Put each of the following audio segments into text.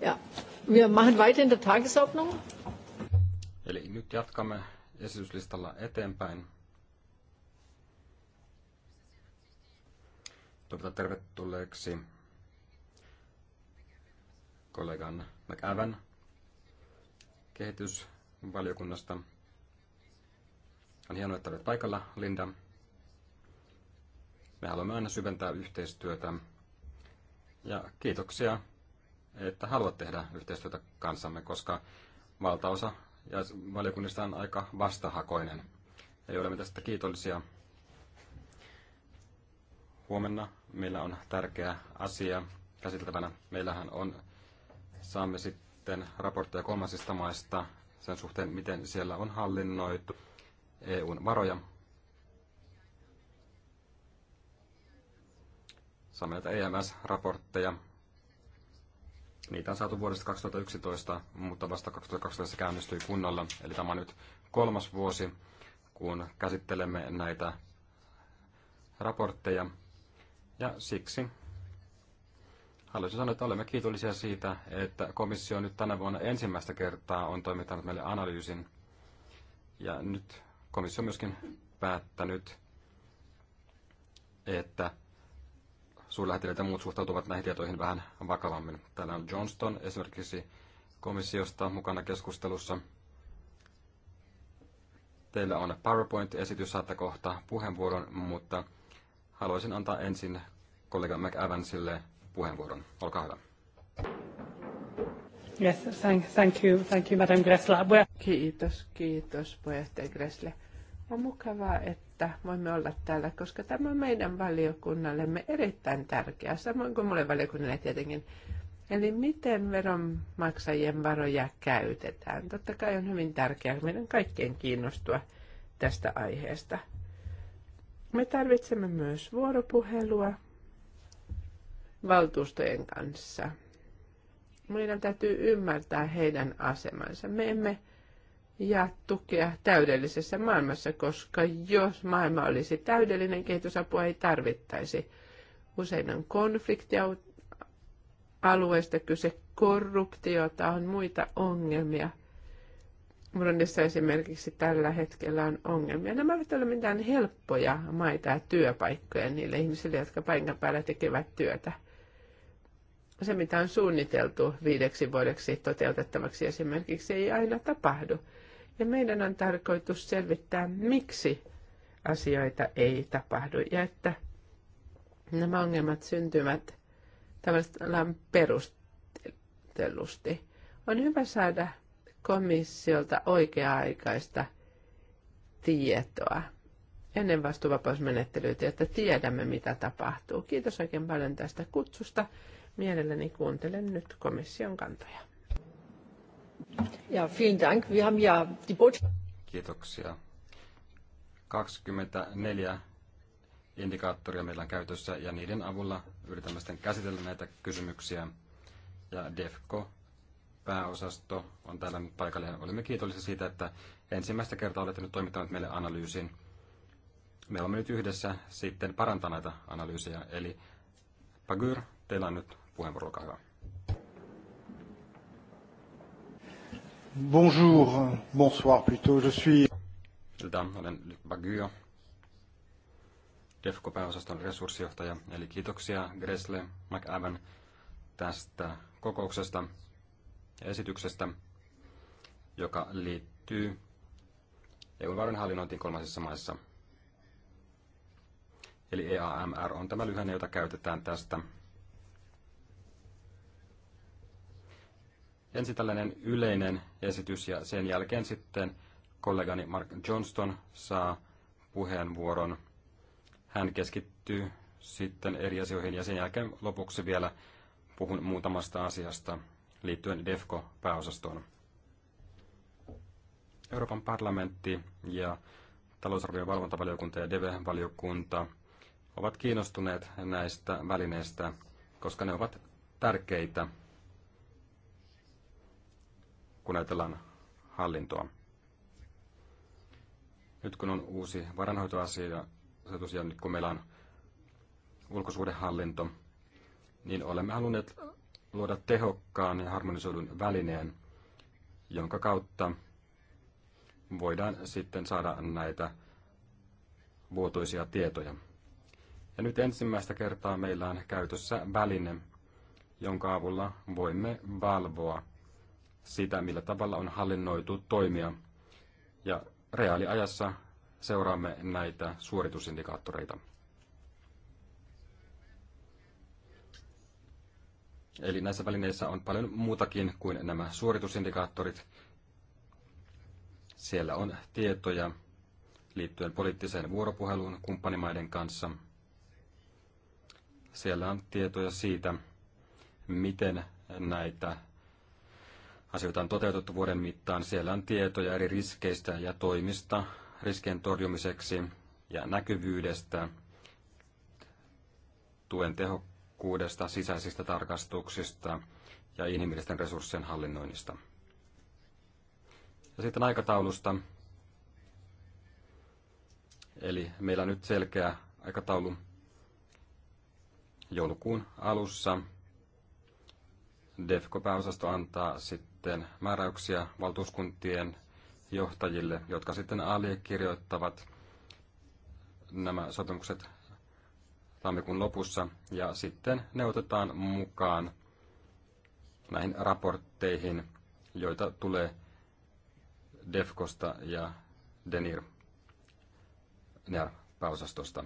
Ja, wir machen weiter in der Tagesordnung. Eli nyt jatkamme esityslistalla eteenpäin. Toivotan tervetulleeksi kollegan McAvan kehitysvaliokunnasta. On hienoa, että olet paikalla, Linda. Me haluamme aina syventää yhteistyötä ja kiitoksia, että haluat tehdä yhteistyötä kanssamme, koska valtaosa ja valiokunnista on aika vastahakoinen. Ei olemme tästä kiitollisia. Huomenna meillä on tärkeä asia käsiteltävänä. Meillähän on, saamme sitten raportteja kolmansista maista sen suhteen, miten siellä on hallinnoitu EUn varoja. Saamme näitä EMS-raportteja. Niitä on saatu vuodesta 2011, mutta vasta 2012 käynnistyi kunnolla. Eli tämä on nyt kolmas vuosi, kun käsittelemme näitä raportteja. Ja siksi haluaisin sanoa, että olemme kiitollisia siitä, että komissio nyt tänä vuonna ensimmäistä kertaa on toimittanut meille analyysin. Ja nyt komissio on myöskin päättänyt, että suurlähettiläät ja muut suhtautuvat näihin tietoihin vähän vakavammin. Täällä on Johnston esimerkiksi komissiosta mukana keskustelussa. Teillä on PowerPoint-esitys, saatte kohta puheenvuoron, mutta haluaisin antaa ensin kollega McAvansille puheenvuoron. Olkaa hyvä. Yes, thank, thank you, thank you, Madam Gressler. Kiitos, kiitos puheenjohtaja Gressle. On mukavaa, että että voimme olla täällä, koska tämä on meidän valiokunnallemme erittäin tärkeää, samoin kuin mulle valiokunnalle tietenkin. Eli miten veronmaksajien varoja käytetään. Totta kai on hyvin tärkeää meidän kaikkien kiinnostua tästä aiheesta. Me tarvitsemme myös vuoropuhelua valtuustojen kanssa. Meidän täytyy ymmärtää heidän asemansa. Me emme ja tukea täydellisessä maailmassa, koska jos maailma olisi täydellinen, kehitysapua ei tarvittaisi. Usein on konfliktia alueesta kyse, korruptiota on muita ongelmia. Murundissa esimerkiksi tällä hetkellä on ongelmia. Nämä eivät ole mitään helppoja maita ja työpaikkoja niille ihmisille, jotka paikan päällä tekevät työtä. Se, mitä on suunniteltu viideksi vuodeksi toteutettavaksi esimerkiksi, ei aina tapahdu. Ja meidän on tarkoitus selvittää, miksi asioita ei tapahdu ja että nämä ongelmat syntyvät tavallaan perustellusti. On hyvä saada komissiolta oikea-aikaista tietoa ennen vastuuvapausmenettelyitä, että tiedämme, mitä tapahtuu. Kiitos oikein paljon tästä kutsusta. Mielelläni kuuntelen nyt komission kantoja. Ja, vielen Dank. Wir haben ja die Kiitoksia. 24 indikaattoria meillä on käytössä ja niiden avulla yritämme sitten käsitellä näitä kysymyksiä. Ja DEFCO pääosasto on täällä nyt paikalla ja olemme kiitollisia siitä, että ensimmäistä kertaa olette nyt toimittaneet meille analyysin. Me olemme nyt yhdessä sitten parantaa näitä analyysejä. Eli Pagyr, teillä on nyt puheenvuoro, olkaa hyvä. Bonjour, bonsoir plutôt. Je suis... Siltä olen Bagyo, DEFCO-pääosaston resurssijohtaja. Eli kiitoksia Gresle McAvan tästä kokouksesta ja esityksestä, joka liittyy EUn varojen hallinnointiin kolmansissa maissa. Eli EAMR on tämä lyhenne, jota käytetään tästä Ensin tällainen yleinen esitys ja sen jälkeen sitten kollegani Mark Johnston saa puheenvuoron. Hän keskittyy sitten eri asioihin ja sen jälkeen lopuksi vielä puhun muutamasta asiasta liittyen DEFCO-pääosastoon. Euroopan parlamentti ja talousarvion valvontavaliokunta ja DEVE-valiokunta ovat kiinnostuneet näistä välineistä, koska ne ovat tärkeitä kun ajatellaan hallintoa. Nyt kun on uusi varanhoitoasia ja nyt kun meillä on ulkosuhdehallinto, niin olemme halunneet luoda tehokkaan ja harmonisoidun välineen, jonka kautta voidaan sitten saada näitä vuotuisia tietoja. Ja nyt ensimmäistä kertaa meillä on käytössä väline, jonka avulla voimme valvoa sitä, millä tavalla on hallinnoitu toimia. Ja reaaliajassa seuraamme näitä suoritusindikaattoreita. Eli näissä välineissä on paljon muutakin kuin nämä suoritusindikaattorit. Siellä on tietoja liittyen poliittiseen vuoropuheluun kumppanimaiden kanssa. Siellä on tietoja siitä, miten näitä Asioita on toteutettu vuoden mittaan. Siellä on tietoja eri riskeistä ja toimista riskien torjumiseksi ja näkyvyydestä, tuen tehokkuudesta, sisäisistä tarkastuksista ja inhimillisten resurssien hallinnoinnista. Ja sitten aikataulusta. Eli meillä on nyt selkeä aikataulu joulukuun alussa. DEFCO-pääosasto antaa sitten sitten määräyksiä valtuuskuntien johtajille, jotka sitten allekirjoittavat nämä sopimukset tammikuun lopussa ja sitten ne otetaan mukaan näihin raportteihin, joita tulee DEFKosta ja DENIR pääosastosta.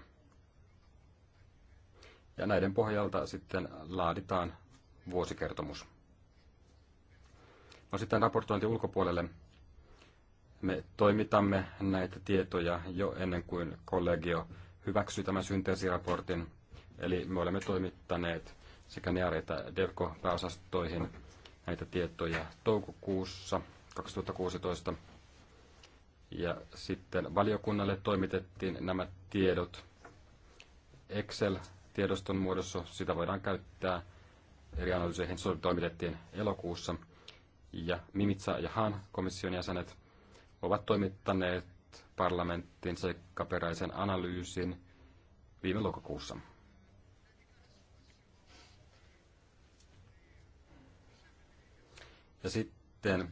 Ja näiden pohjalta sitten laaditaan vuosikertomus. No sitten raportointi ulkopuolelle. Me toimitamme näitä tietoja jo ennen kuin kollegio hyväksyy tämän synteesiraportin. Eli me olemme toimittaneet sekä NEAR että DEVCO-pääosastoihin näitä tietoja toukokuussa 2016. Ja sitten valiokunnalle toimitettiin nämä tiedot Excel-tiedoston muodossa. Sitä voidaan käyttää eri analyyseihin. Se toimitettiin elokuussa ja Mimitsa ja Han, komission jäsenet, ovat toimittaneet parlamenttiin seikkaperäisen analyysin viime lokakuussa. Ja sitten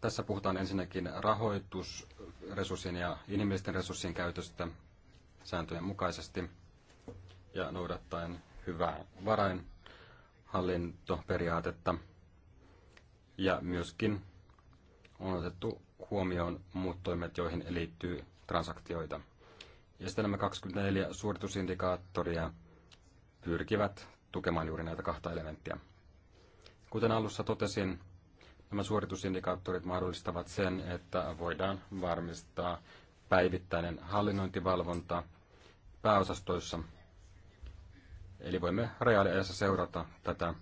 tässä puhutaan ensinnäkin rahoitusresurssien ja inhimillisten resurssien käytöstä sääntöjen mukaisesti ja noudattaen hyvää varain hallintoperiaatetta ja myöskin on otettu huomioon muut toimet, joihin liittyy transaktioita. Ja sitten nämä 24 suoritusindikaattoria pyrkivät tukemaan juuri näitä kahta elementtiä. Kuten alussa totesin, nämä suoritusindikaattorit mahdollistavat sen, että voidaan varmistaa päivittäinen hallinnointivalvonta pääosastoissa – Eli voimme reaaliajassa seurata tätä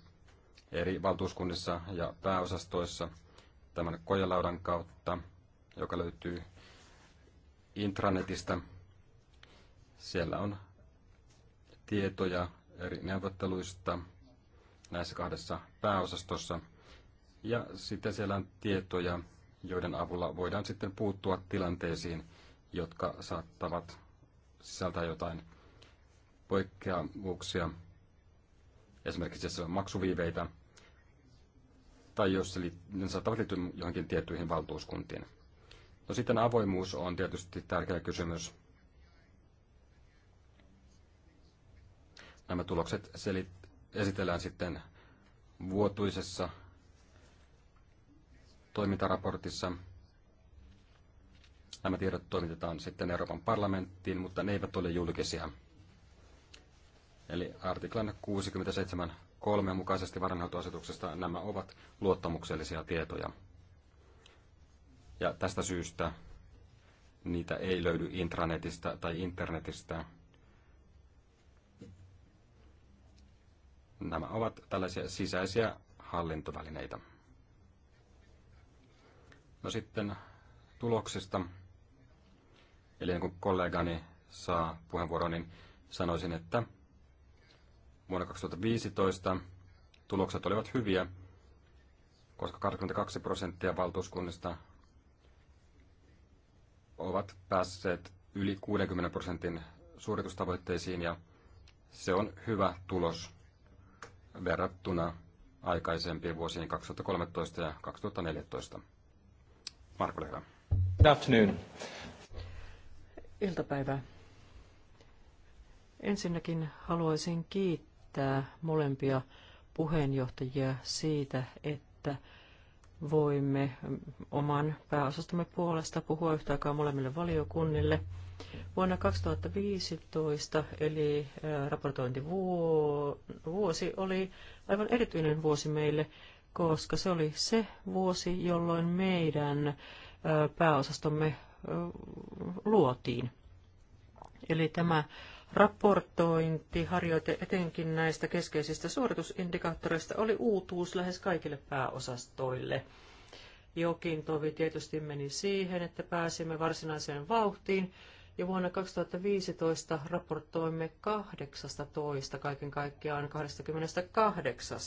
eri valtuuskunnissa ja pääosastoissa tämän kojelaudan kautta, joka löytyy intranetistä. Siellä on tietoja eri neuvotteluista näissä kahdessa pääosastossa. Ja sitten siellä on tietoja, joiden avulla voidaan sitten puuttua tilanteisiin, jotka saattavat sisältää jotain poikkeavuuksia, esimerkiksi jos on maksuviiveitä, tai jos ne saattavat liittyä johonkin tiettyihin valtuuskuntiin. No sitten avoimuus on tietysti tärkeä kysymys. Nämä tulokset selit- esitellään sitten vuotuisessa toimintaraportissa. Nämä tiedot toimitetaan sitten Euroopan parlamenttiin, mutta ne eivät ole julkisia. Eli artiklan 67.3 mukaisesti varainhoitoasetuksesta nämä ovat luottamuksellisia tietoja. Ja tästä syystä niitä ei löydy intranetistä tai internetistä. Nämä ovat tällaisia sisäisiä hallintovälineitä. No sitten tuloksista. Eli niin kun kollegani saa puheenvuoron, niin sanoisin, että Vuonna 2015 tulokset olivat hyviä, koska 22 prosenttia valtuuskunnista ovat päässeet yli 60 prosentin suoritustavoitteisiin ja se on hyvä tulos verrattuna aikaisempiin vuosiin 2013 ja 2014. Marko Lehra. Good afternoon. Iltapäivää. Ensinnäkin haluaisin kiittää kiittää molempia puheenjohtajia siitä, että voimme oman pääosastomme puolesta puhua yhtä aikaa molemmille valiokunnille. Vuonna 2015, eli raportointivuosi, oli aivan erityinen vuosi meille, koska se oli se vuosi, jolloin meidän pääosastomme luotiin. Eli tämä Raportointiharjoite etenkin näistä keskeisistä suoritusindikaattoreista oli uutuus lähes kaikille pääosastoille. Jokin tovi tietysti meni siihen, että pääsimme varsinaiseen vauhtiin, ja vuonna 2015 raportoimme 18 kaiken kaikkiaan 28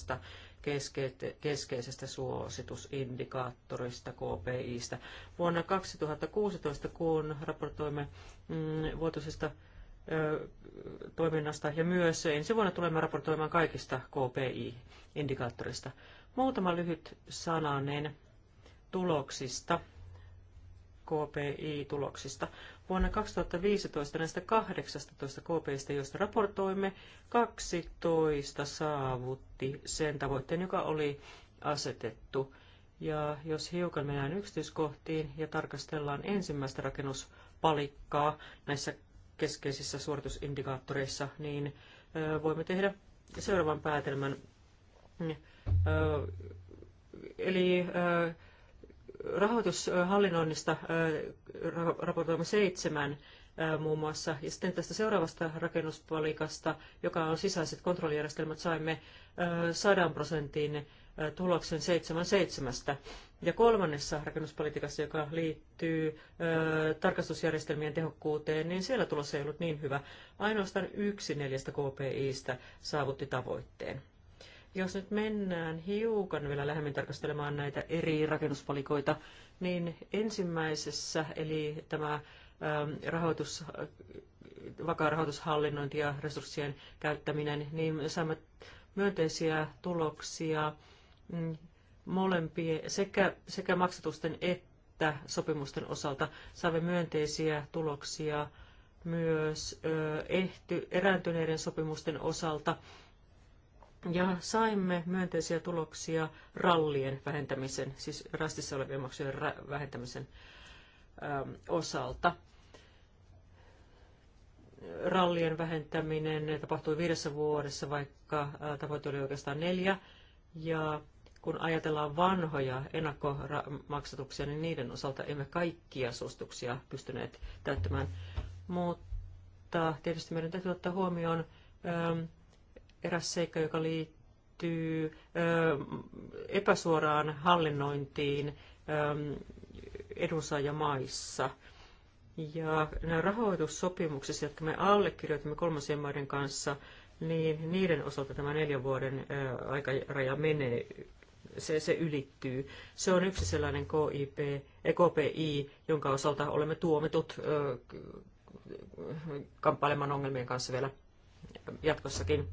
keskeisestä suositusindikaattorista, KPIstä. Vuonna 2016, kun raportoimme mm, vuotuisesta toiminnasta ja myös ensi vuonna tulemme raportoimaan kaikista KPI-indikaattorista. Muutama lyhyt sananen tuloksista, KPI-tuloksista. Vuonna 2015 näistä 18 KPIstä, joista raportoimme, 12 saavutti sen tavoitteen, joka oli asetettu. Ja jos hiukan mennään yksityiskohtiin ja tarkastellaan ensimmäistä rakennuspalikkaa näissä keskeisissä suoritusindikaattoreissa, niin voimme tehdä seuraavan päätelmän. Eli rahoitushallinnoinnista raportoimme seitsemän muun muassa. Ja sitten tästä seuraavasta rakennuspalikasta, joka on sisäiset kontrollijärjestelmät, saimme 100 prosentin tuloksen 7.7. Ja kolmannessa rakennuspolitiikassa, joka liittyy ö, tarkastusjärjestelmien tehokkuuteen, niin siellä tulos ei ollut niin hyvä. Ainoastaan yksi neljästä KPIstä saavutti tavoitteen. Jos nyt mennään hiukan vielä lähemmin tarkastelemaan näitä eri rakennuspalikoita, niin ensimmäisessä, eli tämä rahoitus, vakaa rahoitushallinnointi ja resurssien käyttäminen, niin saamme myönteisiä tuloksia Mm, molempien, sekä, sekä maksatusten että sopimusten osalta saamme myönteisiä tuloksia myös ehty, erääntyneiden sopimusten osalta. Ja saimme myönteisiä tuloksia rallien vähentämisen, siis rastissa olevien maksujen vähentämisen osalta. Rallien vähentäminen tapahtui viidessä vuodessa, vaikka tavoite oli oikeastaan neljä. Ja kun ajatellaan vanhoja ennakkomaksatuksia, niin niiden osalta emme kaikkia suostuksia pystyneet täyttämään. Mutta tietysti meidän täytyy ottaa huomioon ähm, eräs seikka, joka liittyy ähm, epäsuoraan hallinnointiin ähm, edunsaajamaissa. Ja nämä rahoitussopimukset, jotka me allekirjoitamme kolmansien maiden kanssa, niin niiden osalta tämä neljän vuoden äh, aikaraja menee se, se ylittyy. Se on yksi sellainen KIP, EKPI, eh, jonka osalta olemme tuomitut ö, kamppailemaan ongelmien kanssa vielä jatkossakin.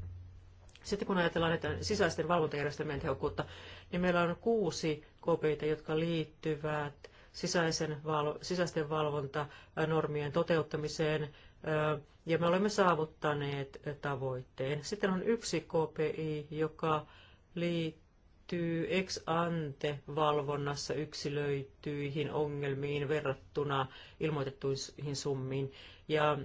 Sitten kun ajatellaan että sisäisten valvontajärjestelmien tehokkuutta, niin meillä on kuusi kopeita, jotka liittyvät sisäisen val- sisäisten valvontanormien toteuttamiseen, ja me olemme saavuttaneet tavoitteen. Sitten on yksi KPI, joka liittyy liittyy ex ante valvonnassa yksilöityihin ongelmiin verrattuna ilmoitettuihin summiin. Ja äh,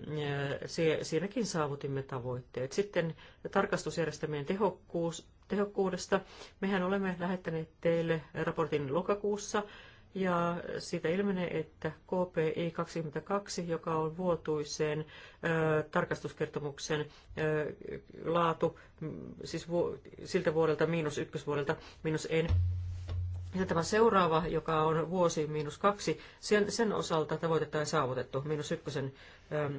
se, siinäkin saavutimme tavoitteet. Sitten tarkastusjärjestelmien tehokkuus, tehokkuudesta. Mehän olemme lähettäneet teille raportin lokakuussa ja siitä ilmenee, että KPI 22, joka on vuotuisen ö, tarkastuskertomuksen ö, laatu, siis vu, siltä vuodelta miinus ykkösvuodelta miinus en, ja tämä seuraava, joka on vuosi miinus kaksi, sen, sen osalta tavoitetta ei saavutettu, miinus ykkösen ö,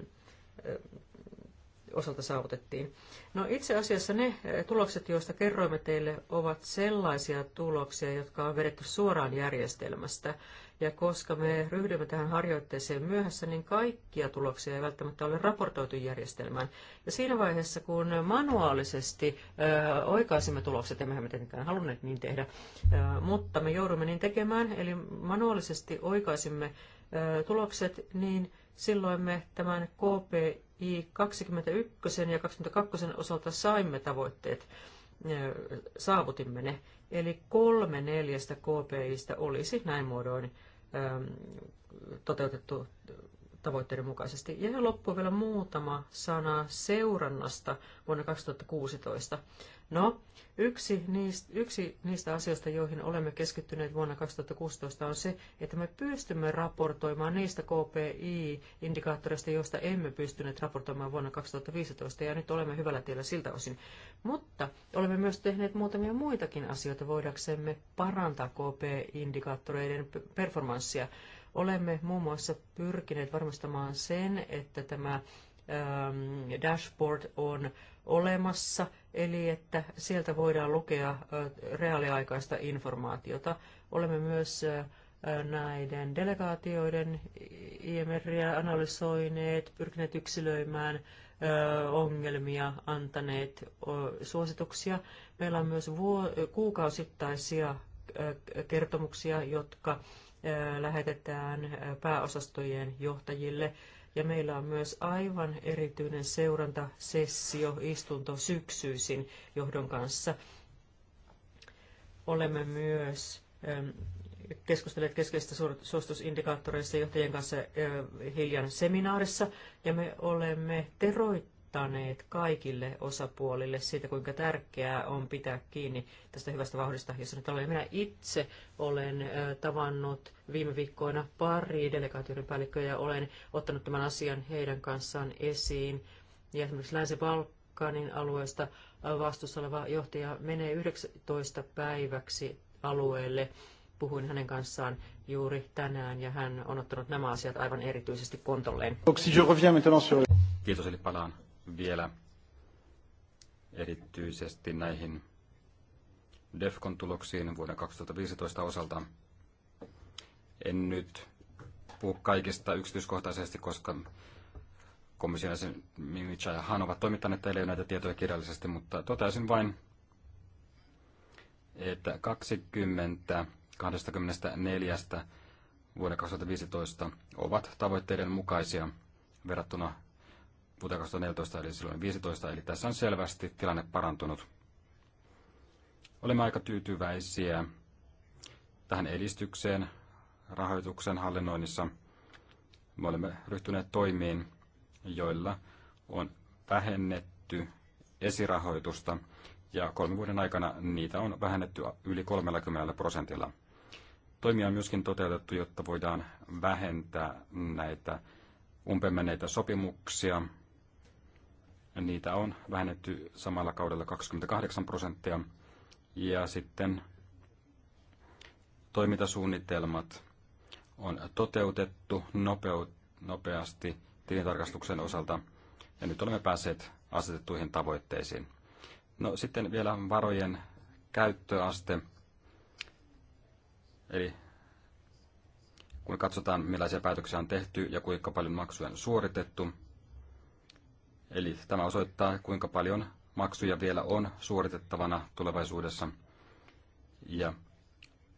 osalta saavutettiin. No itse asiassa ne eh, tulokset, joista kerroimme teille, ovat sellaisia tuloksia, jotka on vedetty suoraan järjestelmästä. Ja koska me ryhdymme tähän harjoitteeseen myöhässä, niin kaikkia tuloksia ei välttämättä ole raportoitu järjestelmään. Ja siinä vaiheessa, kun manuaalisesti ö, eh, oikaisimme tulokset, emmehän me tietenkään halunneet niin tehdä, ö, eh, mutta me joudumme niin tekemään, eli manuaalisesti oikaisimme ö, tulokset, niin silloin me tämän KPI i 21 ja 22 osalta saimme tavoitteet, saavutimme ne. Eli kolme neljästä KPIstä olisi näin muodoin toteutettu tavoitteiden mukaisesti. Ja loppu vielä muutama sana seurannasta vuonna 2016. No, yksi niistä, yksi niistä asioista, joihin olemme keskittyneet vuonna 2016, on se, että me pystymme raportoimaan niistä KPI-indikaattoreista, joista emme pystyneet raportoimaan vuonna 2015, ja nyt olemme hyvällä tiellä siltä osin. Mutta olemme myös tehneet muutamia muitakin asioita voidaksemme parantaa KPI-indikaattoreiden performanssia. Olemme muun muassa pyrkineet varmistamaan sen, että tämä dashboard on olemassa, eli että sieltä voidaan lukea reaaliaikaista informaatiota. Olemme myös näiden delegaatioiden IMRiä analysoineet, pyrkineet yksilöimään ongelmia, antaneet suosituksia. Meillä on myös kuukausittaisia kertomuksia, jotka lähetetään pääosastojen johtajille ja meillä on myös aivan erityinen seurantasessio, istunto syksyisin johdon kanssa. Olemme myös ähm, keskustelleet keskeisistä suositusindikaattoreista johtajien kanssa äh, hiljan seminaarissa, ja me olemme vakuuttaneet kaikille osapuolille siitä, kuinka tärkeää on pitää kiinni tästä hyvästä vauhdista, jossa nyt olen. Minä itse olen tavannut viime viikkoina pari delegaatioiden päällikköä ja olen ottanut tämän asian heidän kanssaan esiin. Ja esimerkiksi Länsi-Balkanin alueesta vastuussa oleva johtaja menee 19 päiväksi alueelle. Puhuin hänen kanssaan juuri tänään ja hän on ottanut nämä asiat aivan erityisesti kontolleen. Kiitos, eli palaan vielä erityisesti näihin DEFCON tuloksiin vuoden 2015 osalta. En nyt puhu kaikista yksityiskohtaisesti, koska komission jäsen Mimicha ja Han ovat toimittaneet teille näitä tietoja kirjallisesti, mutta toteaisin vain, että 20 24 vuoden 2015 ovat tavoitteiden mukaisia verrattuna vuoteen 2014, eli silloin 15, eli tässä on selvästi tilanne parantunut. Olemme aika tyytyväisiä tähän edistykseen rahoituksen hallinnoinnissa. Me olemme ryhtyneet toimiin, joilla on vähennetty esirahoitusta ja kolmen vuoden aikana niitä on vähennetty yli 30 prosentilla. Toimia on myöskin toteutettu, jotta voidaan vähentää näitä umpemenneitä sopimuksia niitä on vähennetty samalla kaudella 28 prosenttia. Ja sitten toimintasuunnitelmat on toteutettu nopeasti tilintarkastuksen osalta, ja nyt olemme päässeet asetettuihin tavoitteisiin. No sitten vielä varojen käyttöaste. Eli kun katsotaan, millaisia päätöksiä on tehty ja kuinka paljon maksuja on suoritettu, Eli tämä osoittaa, kuinka paljon maksuja vielä on suoritettavana tulevaisuudessa. Ja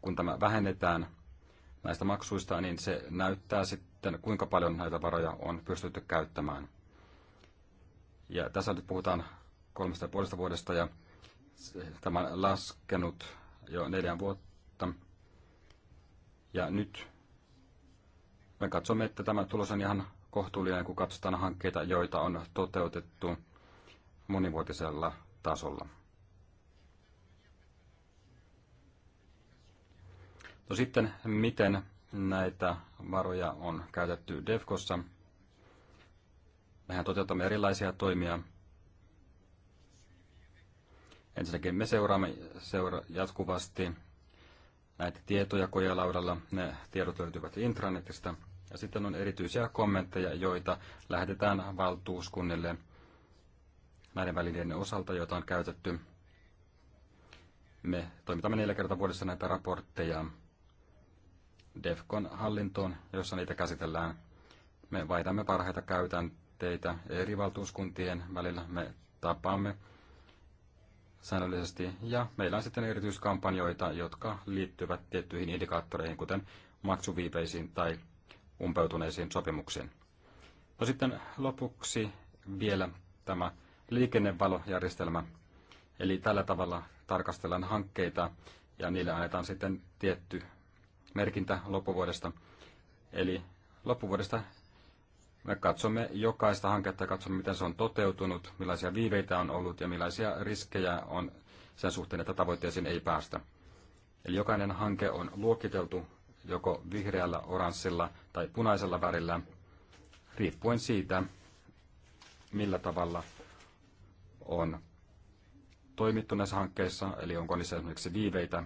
kun tämä vähennetään näistä maksuista, niin se näyttää sitten, kuinka paljon näitä varoja on pystytty käyttämään. Ja tässä nyt puhutaan kolmesta ja puolesta vuodesta, ja tämä on laskenut jo neljän vuotta. Ja nyt me katsomme, että tämä tulos on ihan kohtuullinen, kun katsotaan hankkeita, joita on toteutettu monivuotisella tasolla. No sitten, miten näitä varoja on käytetty DEFKossa? Mehän toteutamme erilaisia toimia. Ensinnäkin me seuraamme seura- jatkuvasti näitä tietoja kojelaudalla. Ne tiedot löytyvät intranetistä – ja sitten on erityisiä kommentteja, joita lähetetään valtuuskunnille näiden välineiden osalta, joita on käytetty. Me toimitamme neljä kertaa vuodessa näitä raportteja DEFCON hallintoon, jossa niitä käsitellään. Me vaihdamme parhaita käytänteitä eri valtuuskuntien välillä. Me tapaamme säännöllisesti ja meillä on sitten erityiskampanjoita, jotka liittyvät tiettyihin indikaattoreihin, kuten maksuviipeisiin tai umpeutuneisiin sopimuksiin. No sitten lopuksi vielä tämä liikennevalojärjestelmä. Eli tällä tavalla tarkastellaan hankkeita ja niille annetaan sitten tietty merkintä loppuvuodesta. Eli loppuvuodesta me katsomme jokaista hanketta, katsomme miten se on toteutunut, millaisia viiveitä on ollut ja millaisia riskejä on sen suhteen, että tavoitteisiin ei päästä. Eli jokainen hanke on luokiteltu joko vihreällä, oranssilla tai punaisella värillä, riippuen siitä, millä tavalla on toimittu näissä hankkeissa, eli onko niissä esimerkiksi viiveitä.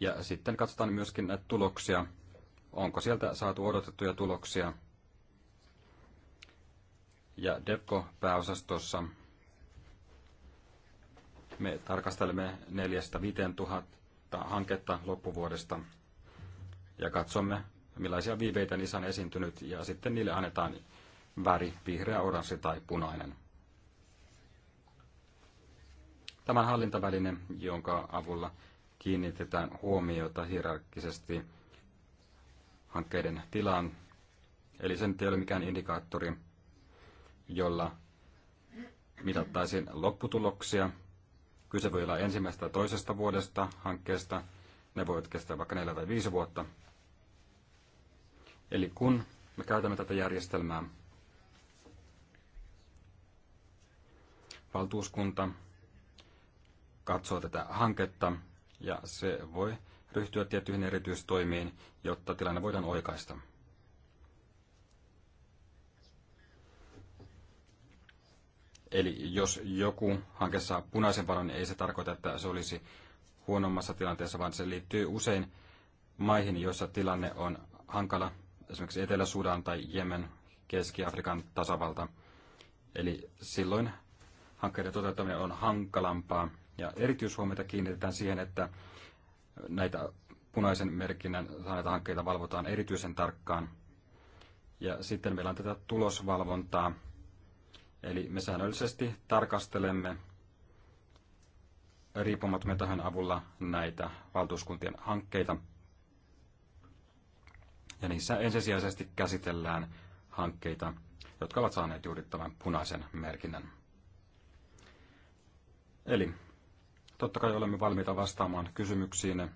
Ja sitten katsotaan myöskin näitä tuloksia, onko sieltä saatu odotettuja tuloksia. Ja depco pääosastossa me tarkastelemme 4-5 tuhat hanketta loppuvuodesta ja katsomme, millaisia viiveitä niissä on esiintynyt ja sitten niille annetaan väri vihreä, oranssi tai punainen. Tämän hallintaväline, jonka avulla kiinnitetään huomiota hierarkkisesti hankkeiden tilaan, eli sen ei ole mikään indikaattori, jolla mitattaisiin lopputuloksia, Kyse voi olla ensimmäistä tai toisesta vuodesta hankkeesta. Ne voivat kestää vaikka neljä tai viisi vuotta. Eli kun me käytämme tätä järjestelmää, valtuuskunta katsoo tätä hanketta ja se voi ryhtyä tiettyihin erityistoimiin, jotta tilanne voidaan oikaista. Eli jos joku hanke saa punaisen valon, niin ei se tarkoita, että se olisi huonommassa tilanteessa, vaan se liittyy usein maihin, joissa tilanne on hankala, esimerkiksi Etelä-Sudan tai Jemen, Keski-Afrikan tasavalta. Eli silloin hankkeiden toteuttaminen on hankalampaa. Ja erityishuomiota kiinnitetään siihen, että näitä punaisen merkinnän saaneita hankkeita valvotaan erityisen tarkkaan. Ja sitten meillä on tätä tulosvalvontaa, Eli me säännöllisesti tarkastelemme riippumattomien tahojen avulla näitä valtuuskuntien hankkeita. Ja niissä ensisijaisesti käsitellään hankkeita, jotka ovat saaneet juuri tämän punaisen merkinnän. Eli totta kai olemme valmiita vastaamaan kysymyksiin.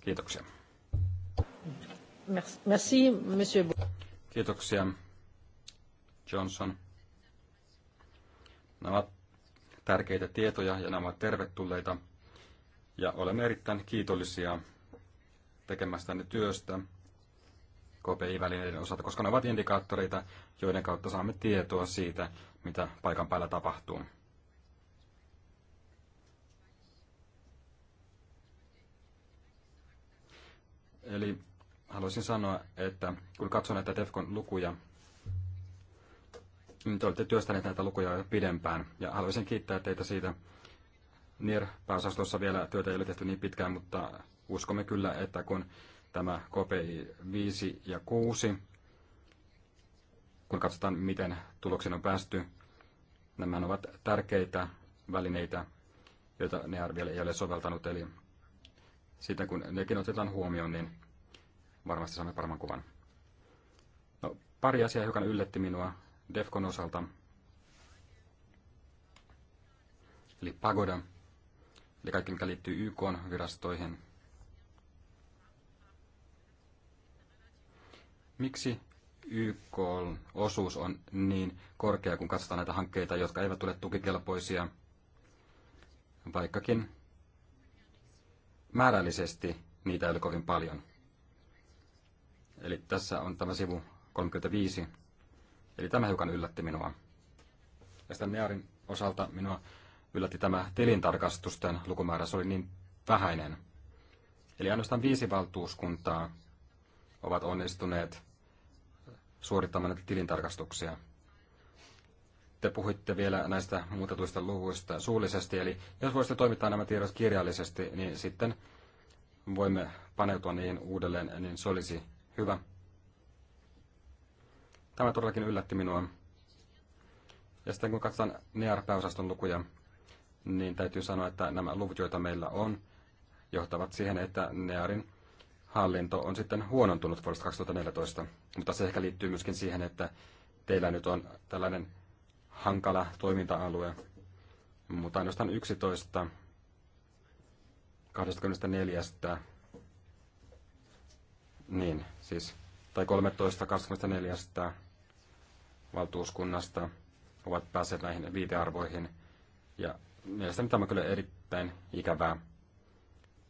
Kiitoksia. Merci, monsieur. Kiitoksia. Johnson. Nämä ovat tärkeitä tietoja ja nämä ovat tervetulleita. Ja olemme erittäin kiitollisia tekemästänne työstä KPI-välineiden osalta, koska ne ovat indikaattoreita, joiden kautta saamme tietoa siitä, mitä paikan päällä tapahtuu. Eli haluaisin sanoa, että kun katson näitä Defcon lukuja, te olette työstäneet näitä lukuja jo pidempään ja haluaisin kiittää teitä siitä. NIR-pääosastossa vielä työtä ei ole tehty niin pitkään, mutta uskomme kyllä, että kun tämä KPI 5 ja 6, kun katsotaan miten tuloksiin on päästy, nämä ovat tärkeitä välineitä, joita ne vielä ei ole soveltanut. Eli sitten kun nekin otetaan huomioon, niin varmasti saamme paremman kuvan. No, pari asiaa joka yllätti minua Defcon osalta, eli Pagoda, eli kaikki mikä liittyy YK-virastoihin. Miksi YK-osuus on niin korkea, kun katsotaan näitä hankkeita, jotka eivät tule tukikelpoisia, vaikkakin määrällisesti niitä ei ole kovin paljon. Eli tässä on tämä sivu 35 Eli tämä hiukan yllätti minua. Ja sitten Mearin osalta minua yllätti tämä tilintarkastusten lukumäärä, se oli niin vähäinen. Eli ainoastaan viisi valtuuskuntaa ovat onnistuneet suorittamaan näitä tilintarkastuksia. Te puhuitte vielä näistä muutetuista luvuista suullisesti, eli jos voisitte toimittaa nämä tiedot kirjallisesti, niin sitten voimme paneutua niihin uudelleen, niin se olisi hyvä. Tämä todellakin yllätti minua. Ja sitten kun katsotaan NEAR-pääosaston lukuja, niin täytyy sanoa, että nämä luvut, joita meillä on, johtavat siihen, että NEARin hallinto on sitten huonontunut vuodesta 2014. Mutta se ehkä liittyy myöskin siihen, että teillä nyt on tällainen hankala toiminta-alue, mutta ainoastaan 11 24 niin, siis, tai 13 24 valtuuskunnasta ovat päässeet näihin viitearvoihin. Ja mielestäni tämä on kyllä erittäin ikävää.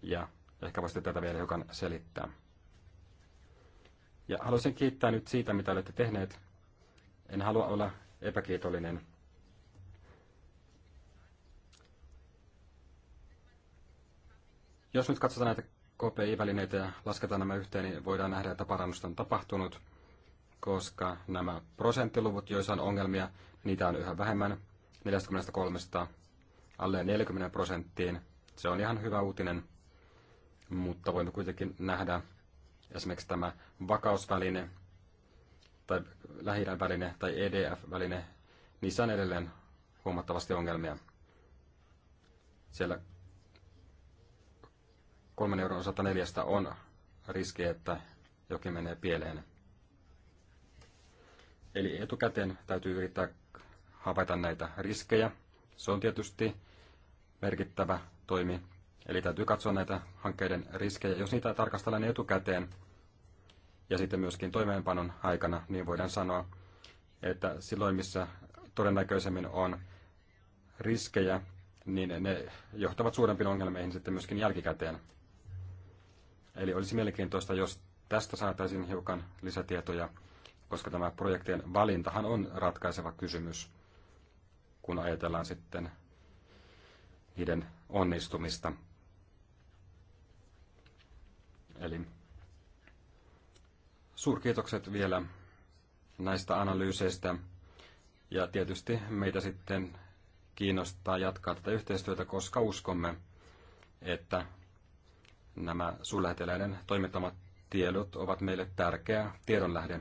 Ja ehkä voisitte tätä vielä hiukan selittää. Ja haluaisin kiittää nyt siitä, mitä olette tehneet. En halua olla epäkiitollinen. Jos nyt katsotaan näitä KPI-välineitä ja lasketaan nämä yhteen, niin voidaan nähdä, että parannusta on tapahtunut – koska nämä prosenttiluvut, joissa on ongelmia, niitä on yhä vähemmän 43 alle 40 prosenttiin. Se on ihan hyvä uutinen, mutta voimme kuitenkin nähdä esimerkiksi tämä vakausväline tai lähi väline tai EDF-väline, niissä on edelleen huomattavasti ongelmia. Siellä kolmen euron osalta neljästä on riski, että jokin menee pieleen. Eli etukäteen täytyy yrittää havaita näitä riskejä. Se on tietysti merkittävä toimi. Eli täytyy katsoa näitä hankkeiden riskejä. Jos niitä tarkastellaan etukäteen ja sitten myöskin toimeenpanon aikana, niin voidaan sanoa, että silloin missä todennäköisemmin on riskejä, niin ne johtavat suurempiin ongelmiin sitten myöskin jälkikäteen. Eli olisi mielenkiintoista, jos tästä saataisiin hiukan lisätietoja koska tämä projektien valintahan on ratkaiseva kysymys, kun ajatellaan sitten niiden onnistumista. Eli suurkiitokset vielä näistä analyyseistä. Ja tietysti meitä sitten kiinnostaa jatkaa tätä yhteistyötä, koska uskomme, että nämä suurlähettiläiden toimittamat tiedot ovat meille tärkeä tiedonlähde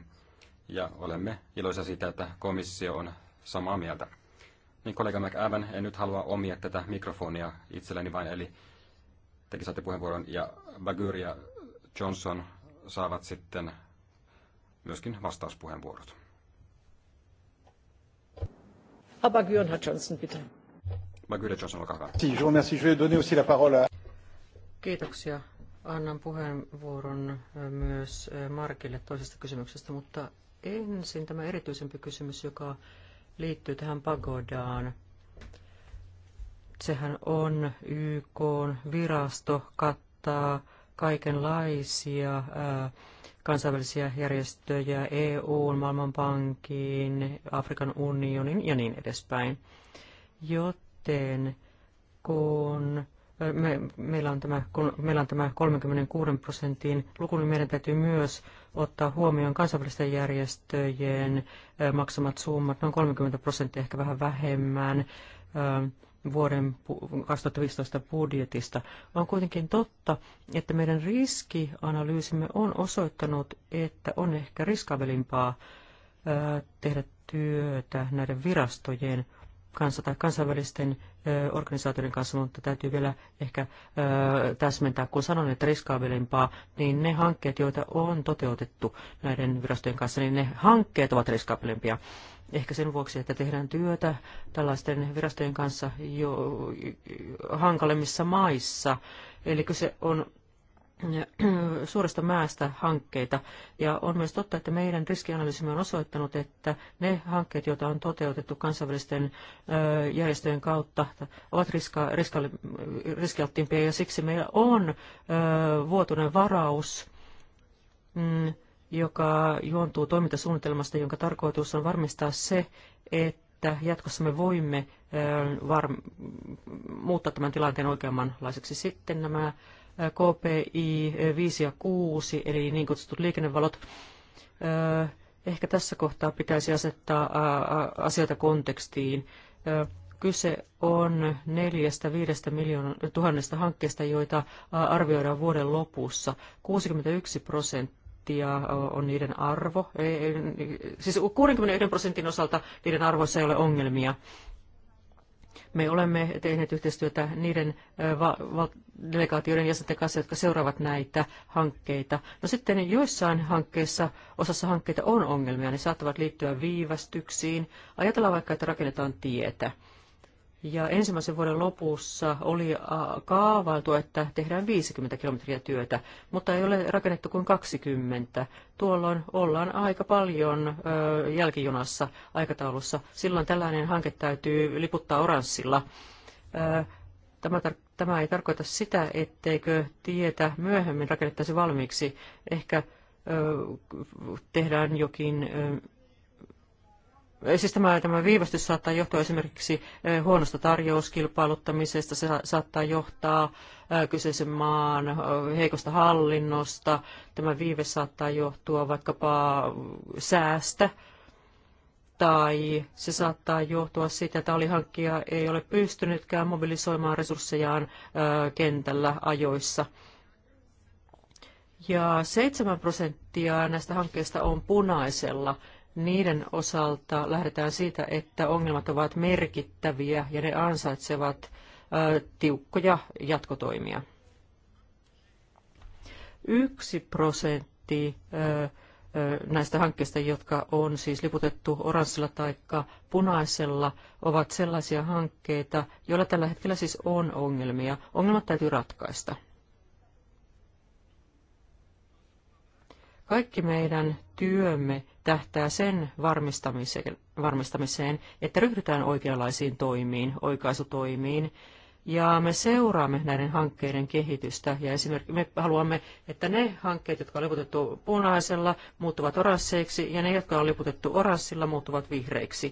ja olemme iloisia siitä, että komissio on samaa mieltä. Niin kollega McAvan, en nyt halua omia tätä mikrofonia itselleni vain, eli tekin saatte puheenvuoron, ja Bagyr ja Johnson saavat sitten myöskin vastauspuheenvuorot. Ah, Bagyr ja Johnson, bitte. Bagyr ja Johnson, olkaa hyvä. Si, je remercie. Je vais donner aussi la parole Kiitoksia. Annan puheenvuoron myös Markille toisesta kysymyksestä, mutta Ensin tämä erityisempi kysymys, joka liittyy tähän pagodaan. Sehän on YK virasto, kattaa kaikenlaisia ää, kansainvälisiä järjestöjä, EU, Maailmanpankin, Afrikan unionin ja niin edespäin. Joten kun me, meillä, on tämä, kun meillä on tämä 36 prosentin luku, niin meidän täytyy myös ottaa huomioon kansainvälisten järjestöjen maksamat summat, noin 30 prosenttia, ehkä vähän vähemmän vuoden 2015 budjetista. On kuitenkin totta, että meidän riskianalyysimme on osoittanut, että on ehkä riskavelimpaa tehdä työtä näiden virastojen kanssa tai kansainvälisten organisaatioiden kanssa, mutta täytyy vielä ehkä täsmentää, kun sanon, että riskaabelimpaa, niin ne hankkeet, joita on toteutettu näiden virastojen kanssa, niin ne hankkeet ovat riskaabelimpia. Ehkä sen vuoksi, että tehdään työtä tällaisten virastojen kanssa jo hankalemmissa maissa. Eli kyse on suuresta määrästä hankkeita. Ja on myös totta, että meidän riskianalyysimme on osoittanut, että ne hankkeet, joita on toteutettu kansainvälisten järjestöjen kautta, ovat riska, riska, riskialttiimpia ja siksi meillä on vuotuinen varaus, mm, joka juontuu toimintasuunnitelmasta, jonka tarkoitus on varmistaa se, että että jatkossa me voimme muuttaa tämän tilanteen oikeammanlaiseksi. Sitten nämä KPI 5 ja 6, eli niin kutsutut liikennevalot. Ehkä tässä kohtaa pitäisi asettaa asioita kontekstiin. Kyse on neljästä viidestä miljoonan tuhannesta hankkeesta, joita arvioidaan vuoden lopussa. 61 prosenttia on niiden arvo. Siis 61 prosentin osalta niiden arvoissa ei ole ongelmia. Me olemme tehneet yhteistyötä niiden delegaatioiden jäsenten kanssa, jotka seuraavat näitä hankkeita. No sitten joissain hankkeissa, osassa hankkeita on ongelmia, ne saattavat liittyä viivästyksiin. Ajatellaan vaikka, että rakennetaan tietä. Ja ensimmäisen vuoden lopussa oli kaavailtu, että tehdään 50 kilometriä työtä, mutta ei ole rakennettu kuin 20. Tuolloin ollaan aika paljon jälkijunassa aikataulussa. Silloin tällainen hanke täytyy liputtaa oranssilla. tämä, tar- tämä ei tarkoita sitä, etteikö tietä myöhemmin rakennettaisi valmiiksi. Ehkä tehdään jokin... Siis tämä, tämä viivästys saattaa johtua esimerkiksi eh, huonosta tarjouskilpailuttamisesta, se saattaa johtaa eh, kyseisen maan eh, heikosta hallinnosta, tämä viive saattaa johtua vaikkapa säästä, tai se saattaa johtua siitä, että alihankkija ei ole pystynytkään mobilisoimaan resurssejaan kentällä ajoissa. Ja 7 prosenttia näistä hankkeista on punaisella niiden osalta lähdetään siitä, että ongelmat ovat merkittäviä ja ne ansaitsevat tiukkoja jatkotoimia. Yksi prosentti näistä hankkeista, jotka on siis liputettu oranssilla tai punaisella, ovat sellaisia hankkeita, joilla tällä hetkellä siis on ongelmia. Ongelmat täytyy ratkaista. Kaikki meidän työmme tähtää sen varmistamiseen, varmistamiseen, että ryhdytään oikeanlaisiin toimiin, oikaisutoimiin, ja me seuraamme näiden hankkeiden kehitystä ja esimerkiksi me haluamme, että ne hankkeet, jotka on liputettu punaisella, muuttuvat orasseiksi ja ne, jotka on liputettu orassilla, muuttuvat vihreiksi.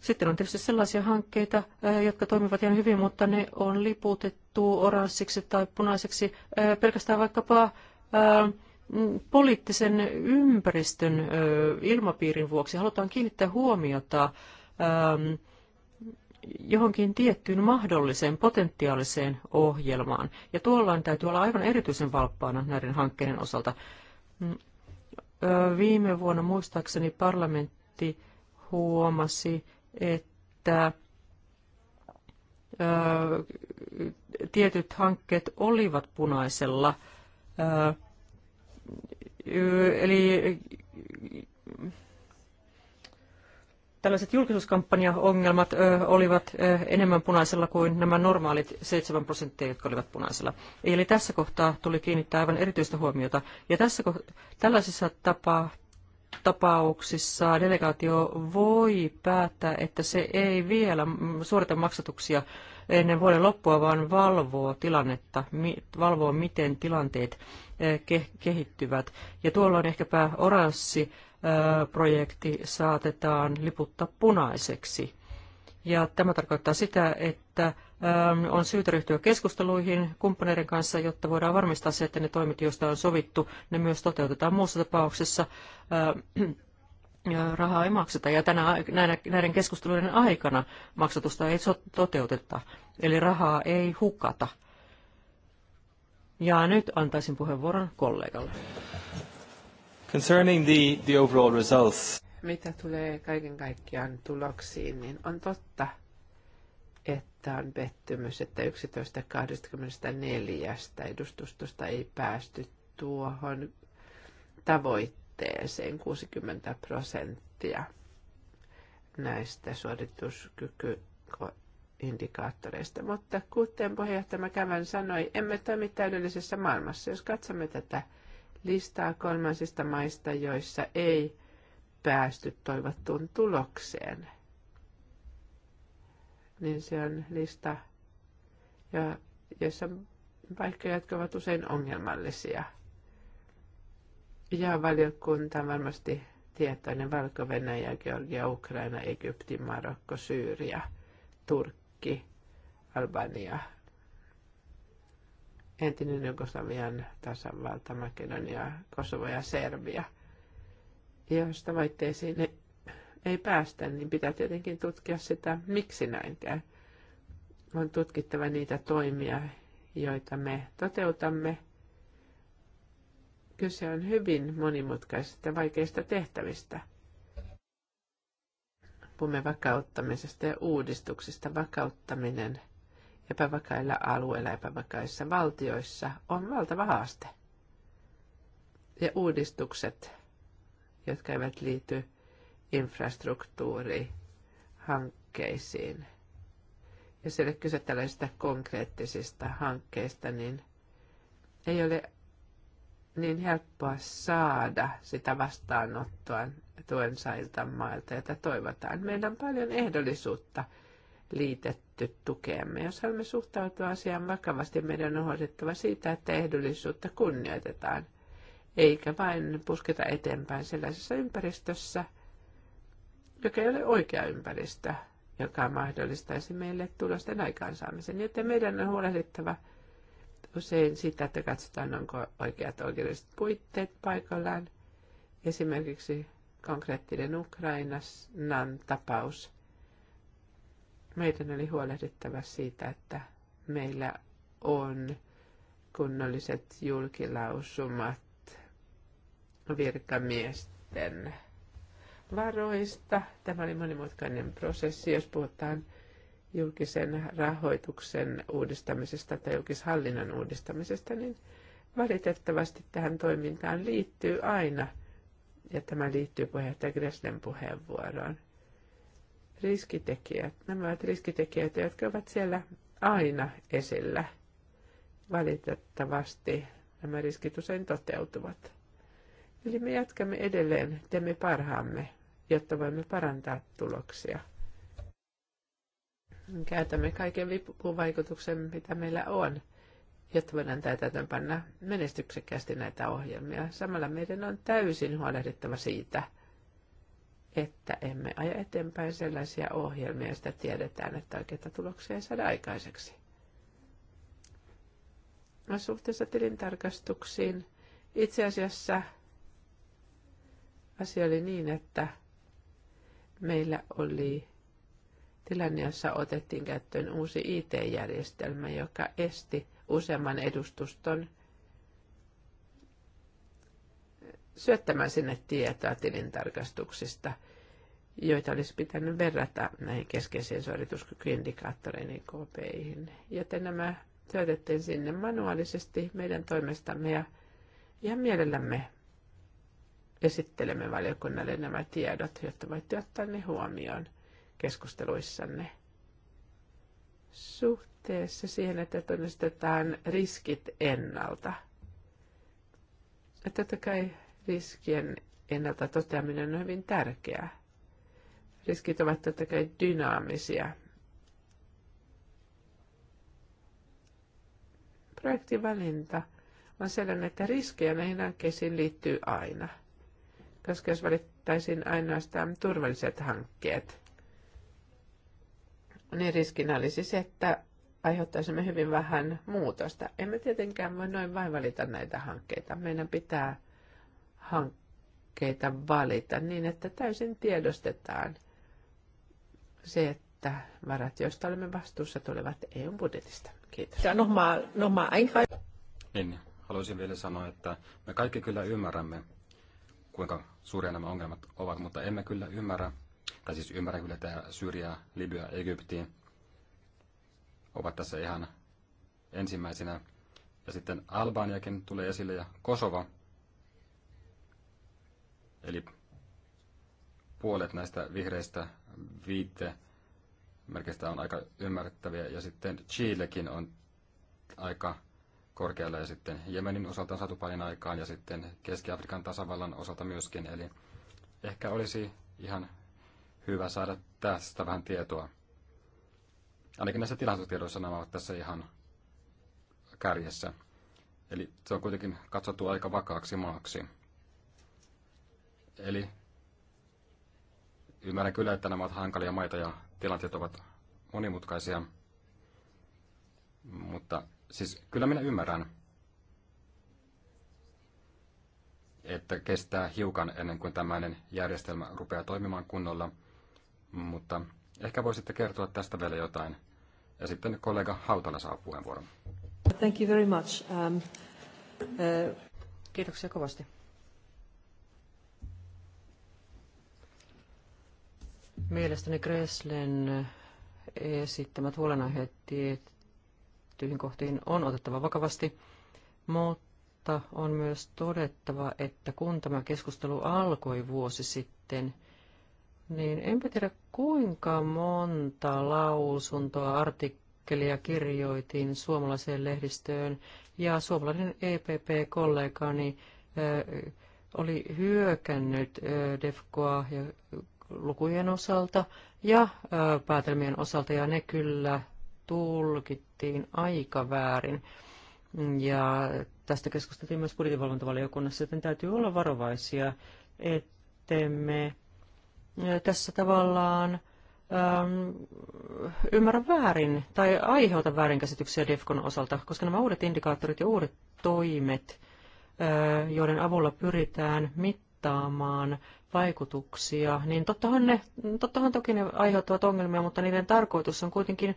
Sitten on tietysti sellaisia hankkeita, jotka toimivat ihan hyvin, mutta ne on liputettu oranssiksi tai punaiseksi pelkästään vaikkapa Ää, Mm, poliittisen ympäristön ilmapiirin vuoksi halutaan kiinnittää huomiota ähm, johonkin tiettyyn mahdolliseen potentiaaliseen ohjelmaan. Ja tuollaan täytyy olla aivan erityisen valppaana näiden hankkeiden osalta. Mm, viime vuonna muistaakseni parlamentti huomasi, että tietyt hankkeet olivat punaisella. Eli tällaiset julkisuuskampanjaongelmat olivat enemmän punaisella kuin nämä normaalit 7 prosenttia, jotka olivat punaisella. Eli tässä kohtaa tuli kiinnittää aivan erityistä huomiota. Ja tässä, tällaisissa tapaa tapauksissa delegaatio voi päättää, että se ei vielä suorita maksatuksia ennen vuoden loppua, vaan valvoo tilannetta, valvoo miten tilanteet eh, kehittyvät. Ja tuolloin ehkäpä oranssi eh, projekti saatetaan liputtaa punaiseksi. Ja tämä tarkoittaa sitä, että ähm, on syytä ryhtyä keskusteluihin kumppaneiden kanssa, jotta voidaan varmistaa se, että ne toimet, joista on sovittu, ne myös toteutetaan muussa tapauksessa. Äh, rahaa ei makseta ja tänä, näiden keskusteluiden aikana maksatusta ei toteuteta, eli rahaa ei hukata. Ja nyt antaisin puheenvuoron kollegalle. Concerning the, the overall results mitä tulee kaiken kaikkiaan tuloksiin, niin on totta, että on pettymys, että 11.24 edustustosta ei päästy tuohon tavoitteeseen 60 prosenttia näistä suorituskykyindikaattoreista. Mutta kuten puheenjohtaja Kävän sanoi, emme toimi täydellisessä maailmassa. Jos katsomme tätä listaa kolmansista maista, joissa ei päästy toivottuun tulokseen, niin se on lista, ja, jossa on paikkoja, jotka ovat usein ongelmallisia. Ja valiokunta on varmasti tietoinen Valko-Venäjä, Georgia, Ukraina, Egypti, Marokko, Syyria, Turkki, Albania, entinen Jugoslavian tasavalta, Makedonia, Kosovo ja Serbia – jos tavoitteisiin ei päästä, niin pitää tietenkin tutkia sitä, miksi näin käy. On tutkittava niitä toimia, joita me toteutamme. Kyse on hyvin monimutkaisista ja vaikeista tehtävistä. Puhumme vakauttamisesta ja uudistuksista. Vakauttaminen epävakailla alueilla, epävakaissa valtioissa on valtava haaste. Ja uudistukset jotka eivät liity infrastruktuurihankkeisiin. Jos ei ole kyse tällaisista konkreettisista hankkeista, niin ei ole niin helppoa saada sitä vastaanottoa tuen sailta mailta, jota toivotaan. Meillä on paljon ehdollisuutta liitetty tukeemme. Jos haluamme suhtautua asiaan vakavasti, meidän on huolehdittava siitä, että ehdollisuutta kunnioitetaan – eikä vain pusketa eteenpäin sellaisessa ympäristössä, joka ei ole oikea ympäristö, joka mahdollistaisi meille tulosten aikaansaamisen. Joten meidän on huolehdittava usein sitä, että katsotaan, onko oikeat oikeudelliset puitteet paikallaan. Esimerkiksi konkreettinen Ukrainan tapaus. Meidän oli huolehdittava siitä, että meillä on kunnolliset julkilausumat virkamiesten varoista. Tämä oli monimutkainen prosessi, jos puhutaan julkisen rahoituksen uudistamisesta tai julkishallinnon uudistamisesta, niin valitettavasti tähän toimintaan liittyy aina, ja tämä liittyy puheenjohtaja Greslen puheenvuoroon, riskitekijät. Nämä ovat riskitekijät, jotka ovat siellä aina esillä. Valitettavasti nämä riskit usein toteutuvat. Eli me jatkamme edelleen, teemme parhaamme, jotta voimme parantaa tuloksia. Käytämme kaiken vipuvaikutuksen, mitä meillä on, jotta voidaan panna menestyksekkäästi näitä ohjelmia. Samalla meidän on täysin huolehdittava siitä, että emme aja eteenpäin sellaisia ohjelmia, joista tiedetään, että oikeita tuloksia ei saada aikaiseksi. Suhteessa tilintarkastuksiin itse asiassa asia oli niin, että meillä oli tilanne, jossa otettiin käyttöön uusi IT-järjestelmä, joka esti useamman edustuston syöttämään sinne tietoa tilintarkastuksista, joita olisi pitänyt verrata näihin keskeisiin suorituskykyindikaattoreihin KPIin. Joten nämä syötettiin sinne manuaalisesti meidän toimestamme ja ihan mielellämme esittelemme valiokunnalle nämä tiedot, jotta voitte ottaa ne huomioon keskusteluissanne. Suhteessa siihen, että tunnistetaan riskit ennalta. Totta kai riskien ennalta toteaminen on hyvin tärkeää. Riskit ovat totta kai dynaamisia. Projektivalinta on sellainen, että riskejä näihin hankkeisiin liittyy aina – koska jos valittaisiin ainoastaan turvalliset hankkeet, niin riskinä olisi se, että aiheuttaisimme hyvin vähän muutosta. Emme tietenkään voi noin vain valita näitä hankkeita. Meidän pitää hankkeita valita niin, että täysin tiedostetaan se, että varat, joista olemme vastuussa, tulevat eu budjetista. Kiitos. Ja nochmal, nochmal Niin, haluaisin vielä sanoa, että me kaikki kyllä ymmärrämme, kuinka suuria nämä ongelmat ovat, mutta emme kyllä ymmärrä, tai siis ymmärrä kyllä, tämä Syyria, Libya, Egypti ovat tässä ihan ensimmäisenä. Ja sitten Albaniakin tulee esille ja Kosova. Eli puolet näistä vihreistä viite merkistä on aika ymmärrettäviä. Ja sitten Chilekin on aika korkealle ja sitten Jemenin osalta on saatu paljon aikaan ja sitten Keski-Afrikan tasavallan osalta myöskin. Eli ehkä olisi ihan hyvä saada tästä vähän tietoa. Ainakin näissä tilastotiedoissa nämä ovat tässä ihan kärjessä. Eli se on kuitenkin katsottu aika vakaaksi maaksi. Eli ymmärrän kyllä, että nämä ovat hankalia maita ja tilanteet ovat monimutkaisia, mutta Siis kyllä minä ymmärrän, että kestää hiukan ennen kuin tämmöinen järjestelmä rupeaa toimimaan kunnolla, mutta ehkä voisitte kertoa tästä vielä jotain. Ja sitten kollega Hautala saa puheenvuoron. Thank you very much. Um, uh... Kiitoksia kovasti. Mielestäni Greslen esittämät huolenaiheet tiettyihin kohtiin on otettava vakavasti, mutta on myös todettava, että kun tämä keskustelu alkoi vuosi sitten, niin enpä tiedä kuinka monta lausuntoa, artikkelia kirjoitin suomalaiseen lehdistöön, ja suomalainen EPP-kollegani oli hyökännyt Defkoa ja lukujen osalta ja päätelmien osalta, ja ne kyllä tulkittiin aika väärin. Ja tästä keskusteltiin myös budjetinvalvontavaliokunnassa, joten täytyy olla varovaisia, ettemme eh, tässä tavallaan äm, ymmärrä väärin tai aiheuta väärinkäsityksiä DEFCON osalta, koska nämä uudet indikaattorit ja uudet toimet, ää, eh, joiden avulla pyritään mittaamaan vaikutuksia, niin tottahan, ne, tottahan toki ne aiheuttavat ongelmia, mutta niiden tarkoitus on kuitenkin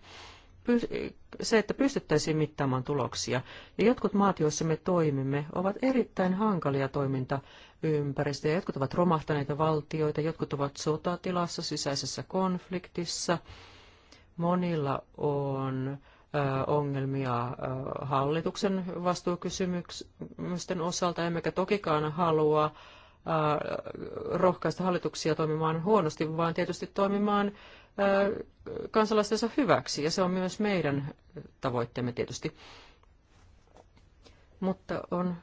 se, että pystyttäisiin mittaamaan tuloksia. Ja jotkut maat, joissa me toimimme, ovat erittäin hankalia toimintaympäristöjä. Jotkut ovat romahtaneita valtioita, jotkut ovat sotatilassa, sisäisessä konfliktissa. Monilla on ongelmia hallituksen vastuukysymysten osalta, emmekä tokikaan halua rohkaista hallituksia toimimaan huonosti, vaan tietysti toimimaan kansalaistensa hyväksi, ja se on myös meidän tavoitteemme tietysti. Mutta on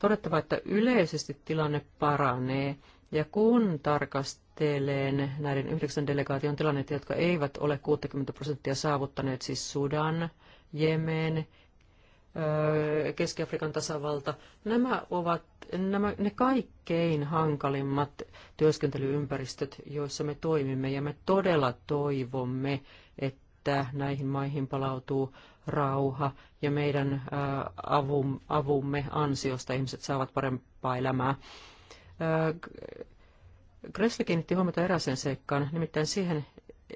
todettava, että yleisesti tilanne paranee, ja kun tarkastelen näiden yhdeksän delegaation tilannetta, jotka eivät ole 60 prosenttia saavuttaneet, siis Sudan, Jemen, Keski-Afrikan tasavalta. Nämä ovat nämä, ne kaikkein hankalimmat työskentelyympäristöt, joissa me toimimme, ja me todella toivomme, että näihin maihin palautuu rauha, ja meidän avum, avumme ansiosta ihmiset saavat parempaa elämää. Gressle kiinnitti huomiota eräseen seikkaan, nimittäin siihen,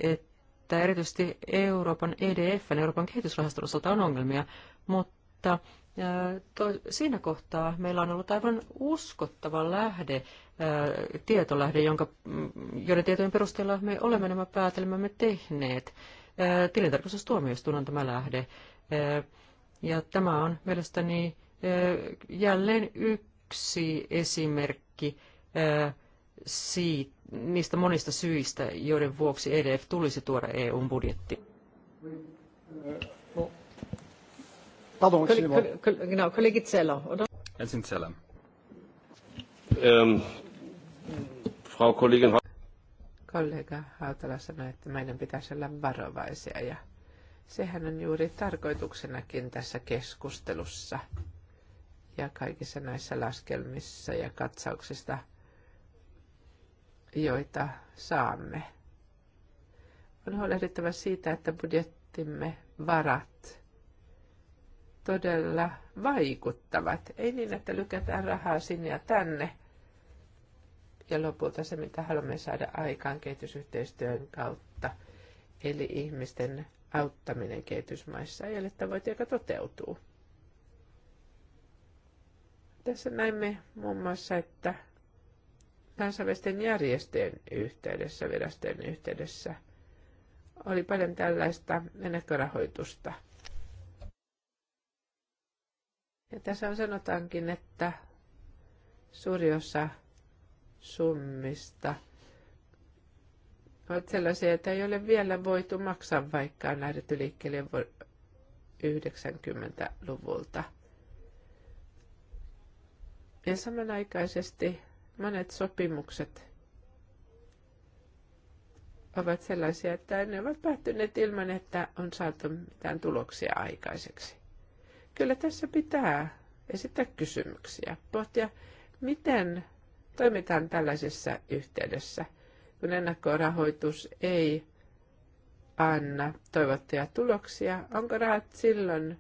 että erityisesti Euroopan EDF, Euroopan kehitysrahaston osalta on ongelmia, mutta mutta siinä kohtaa meillä on ollut aivan uskottava lähde, tietolähde, jonka, mm, joiden tietojen perusteella me olemme nämä päätelmämme tehneet. Tilintarkastustuomioistuin on tämä lähde. Ja tämä on mielestäni jälleen yksi esimerkki siitä, niistä monista syistä, joiden vuoksi EDF tulisi tuoda eu budjettiin. Pardon, genau, Kollege Zeller, oder? Zeller. Ähm, Frau Kollegin Kollega Hautala sanoi, että meidän pitäisi olla varovaisia ja sehän on juuri tarkoituksenakin tässä keskustelussa ja kaikissa näissä laskelmissa ja katsauksista, joita saamme. On huolehdittava siitä, että budjettimme varat todella vaikuttavat. Ei niin, että lykätään rahaa sinne ja tänne. Ja lopulta se, mitä haluamme saada aikaan kehitysyhteistyön kautta, eli ihmisten auttaminen kehitysmaissa, ei ole tavoite, joka toteutuu. Tässä näimme muun muassa, että kansainvälisten järjestöjen yhteydessä, virastojen yhteydessä, oli paljon tällaista ennakkorahoitusta – Ja tässä on sanotaankin, että suuri osa summista ovat sellaisia, että ei ole vielä voitu maksaa, vaikka on lähdetty liikkeelle 90-luvulta. Ja samanaikaisesti monet sopimukset ovat sellaisia, että ne ovat päättyneet ilman, että on saatu mitään tuloksia aikaiseksi. Kyllä tässä pitää esittää kysymyksiä, pohtia, miten toimitaan tällaisessa yhteydessä, kun ennakkorahoitus ei anna toivottuja tuloksia, onko rahat silloin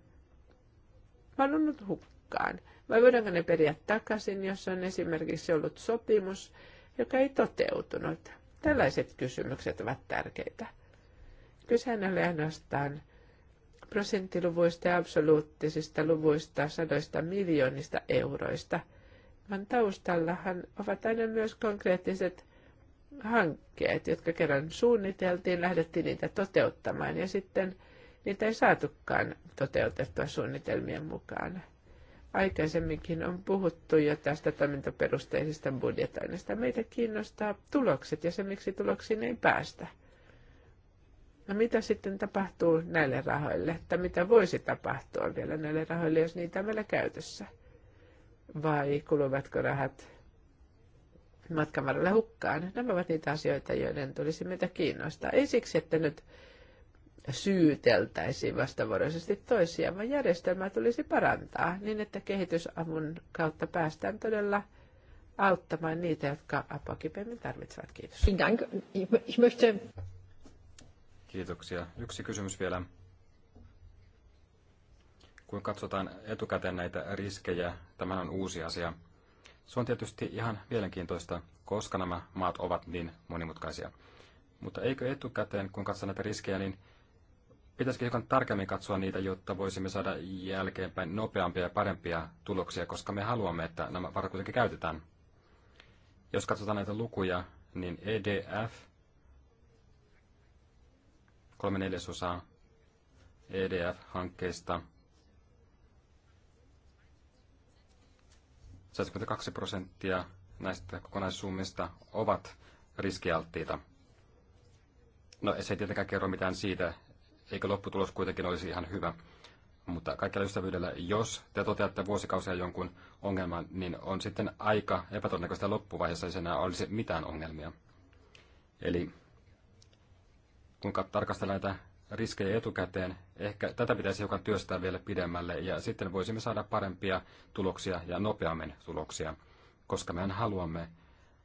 valunut hukkaan? Vai voidaanko ne periä takaisin, jos on esimerkiksi ollut sopimus, joka ei toteutunut? Tällaiset kysymykset ovat tärkeitä. Kysehän oli ainoastaan prosenttiluvuista ja absoluuttisista luvuista sadoista miljoonista euroista, vaan taustallahan ovat aina myös konkreettiset hankkeet, jotka kerran suunniteltiin, lähdettiin niitä toteuttamaan ja sitten niitä ei saatukaan toteutettua suunnitelmien mukaan. Aikaisemminkin on puhuttu jo tästä toimintaperusteisesta budjetoinnista. Meitä kiinnostaa tulokset ja se, miksi tuloksiin ei päästä – No mitä sitten tapahtuu näille rahoille? Että mitä voisi tapahtua vielä näille rahoille, jos niitä on vielä käytössä? Vai kuluvatko rahat matkan varrella hukkaan? Nämä ovat niitä asioita, joiden tulisi meitä kiinnostaa. Ei siksi, että nyt syyteltäisiin vastavuoroisesti toisiaan, vaan järjestelmää tulisi parantaa niin, että kehitysavun kautta päästään todella auttamaan niitä, jotka apua kipeämmin tarvitsevat. Kiitos. Kiitoksia. Yksi kysymys vielä. Kun katsotaan etukäteen näitä riskejä, tämä on uusi asia. Se on tietysti ihan mielenkiintoista, koska nämä maat ovat niin monimutkaisia. Mutta eikö etukäteen, kun katsotaan näitä riskejä, niin pitäisikö hiukan tarkemmin katsoa niitä, jotta voisimme saada jälkeenpäin nopeampia ja parempia tuloksia, koska me haluamme, että nämä varat kuitenkin käytetään. Jos katsotaan näitä lukuja, niin EDF kolme neljäsosaa EDF-hankkeista. 72 prosenttia näistä kokonaissummista ovat riskialttiita. No se ei tietenkään kerro mitään siitä, eikö lopputulos kuitenkin olisi ihan hyvä. Mutta kaikilla ystävyydellä, jos te toteatte vuosikausia jonkun ongelman, niin on sitten aika epätodennäköistä loppuvaiheessa, ei enää olisi mitään ongelmia. Eli kun tarkastellaan näitä riskejä etukäteen, ehkä tätä pitäisi hiukan työstää vielä pidemmälle ja sitten voisimme saada parempia tuloksia ja nopeammin tuloksia, koska mehän haluamme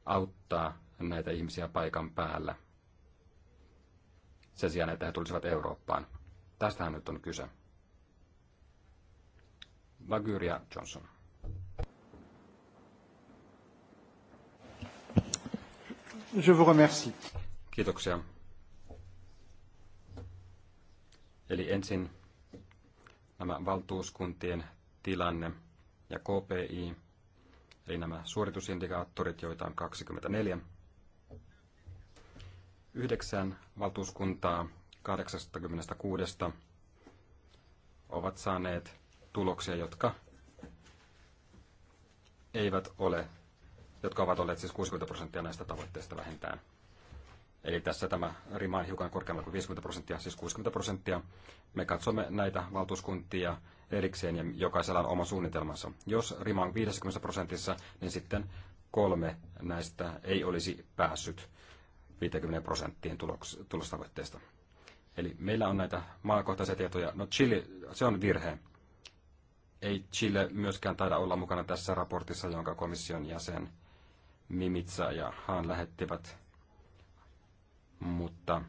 auttaa näitä ihmisiä paikan päällä sen sijaan, että he tulisivat Eurooppaan. Tästähän nyt on kyse. Vagyria Johnson. Je vous remercie. Kiitoksia. Eli ensin nämä valtuuskuntien tilanne ja KPI, eli nämä suoritusindikaattorit, joita on 24. Yhdeksän valtuuskuntaa 86 ovat saaneet tuloksia, jotka eivät ole, jotka ovat olleet siis 60 prosenttia näistä tavoitteista vähintään. Eli tässä tämä rima on hiukan korkeampi kuin 50 prosenttia, siis 60 prosenttia. Me katsomme näitä valtuuskuntia erikseen ja jokaisella on oma suunnitelmansa. Jos rima on 50 prosentissa, niin sitten kolme näistä ei olisi päässyt 50 prosenttiin tulostavoitteesta. Eli meillä on näitä maakohtaisia tietoja. No Chile, se on virhe. Ei Chile myöskään taida olla mukana tässä raportissa, jonka komission jäsen Mimitsa ja Haan lähettivät mutta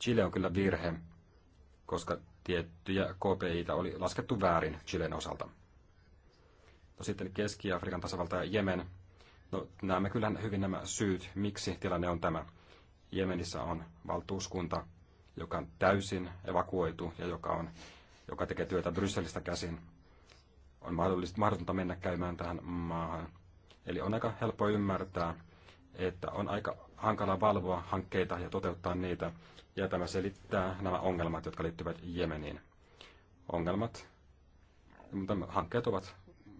Chile on kyllä virhe, koska tiettyjä KPItä oli laskettu väärin Chilen osalta. No sitten Keski-Afrikan tasavalta ja Jemen. No, näemme kyllähän hyvin nämä syyt, miksi tilanne on tämä. Jemenissä on valtuuskunta, joka on täysin evakuoitu ja joka, on, joka tekee työtä Brysselistä käsin. On mahdollista mahdotonta mennä käymään tähän maahan. Eli on aika helppo ymmärtää, että on aika hankala valvoa hankkeita ja toteuttaa niitä, ja tämä selittää nämä ongelmat, jotka liittyvät Jemeniin. Ongelmat, mutta hankkeet ovat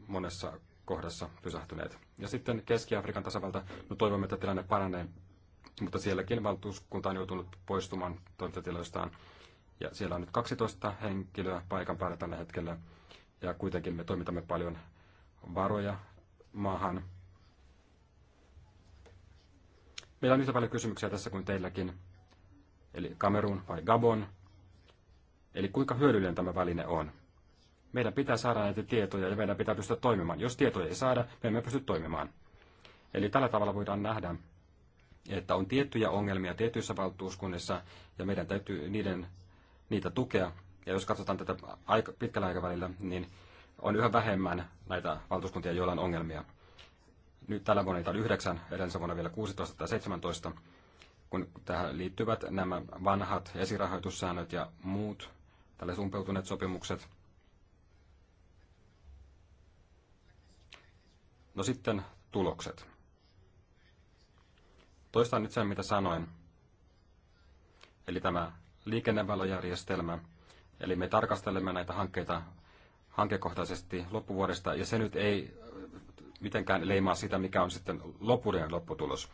monessa kohdassa pysähtyneet. Ja sitten Keski-Afrikan tasavalta, no toivomme, että tilanne paranee, mutta sielläkin valtuuskunta on joutunut poistumaan toimintatiloistaan. Ja siellä on nyt 12 henkilöä paikan päällä tällä hetkellä, ja kuitenkin me toimitamme paljon varoja maahan Meillä on yhtä paljon kysymyksiä tässä kuin teilläkin. Eli Kamerun vai Gabon? Eli kuinka hyödyllinen tämä väline on? Meidän pitää saada näitä tietoja ja meidän pitää pystyä toimimaan. Jos tietoja ei saada, me emme pysty toimimaan. Eli tällä tavalla voidaan nähdä, että on tiettyjä ongelmia tietyissä valtuuskunnissa ja meidän täytyy niiden, niitä tukea. Ja jos katsotaan tätä aika, pitkällä aikavälillä, niin on yhä vähemmän näitä valtuuskuntia, joilla on ongelmia nyt tällä vuonna niitä oli yhdeksän edellisenä vuonna vielä 16 tai 17, kun tähän liittyvät nämä vanhat esirahoitussäännöt ja muut tällaiset umpeutuneet sopimukset. No sitten tulokset. Toistan nyt sen, mitä sanoin. Eli tämä liikennevalojärjestelmä. Eli me tarkastelemme näitä hankkeita hankekohtaisesti loppuvuodesta, ja se nyt ei mitenkään leimaa sitä, mikä on sitten lopullinen lopputulos.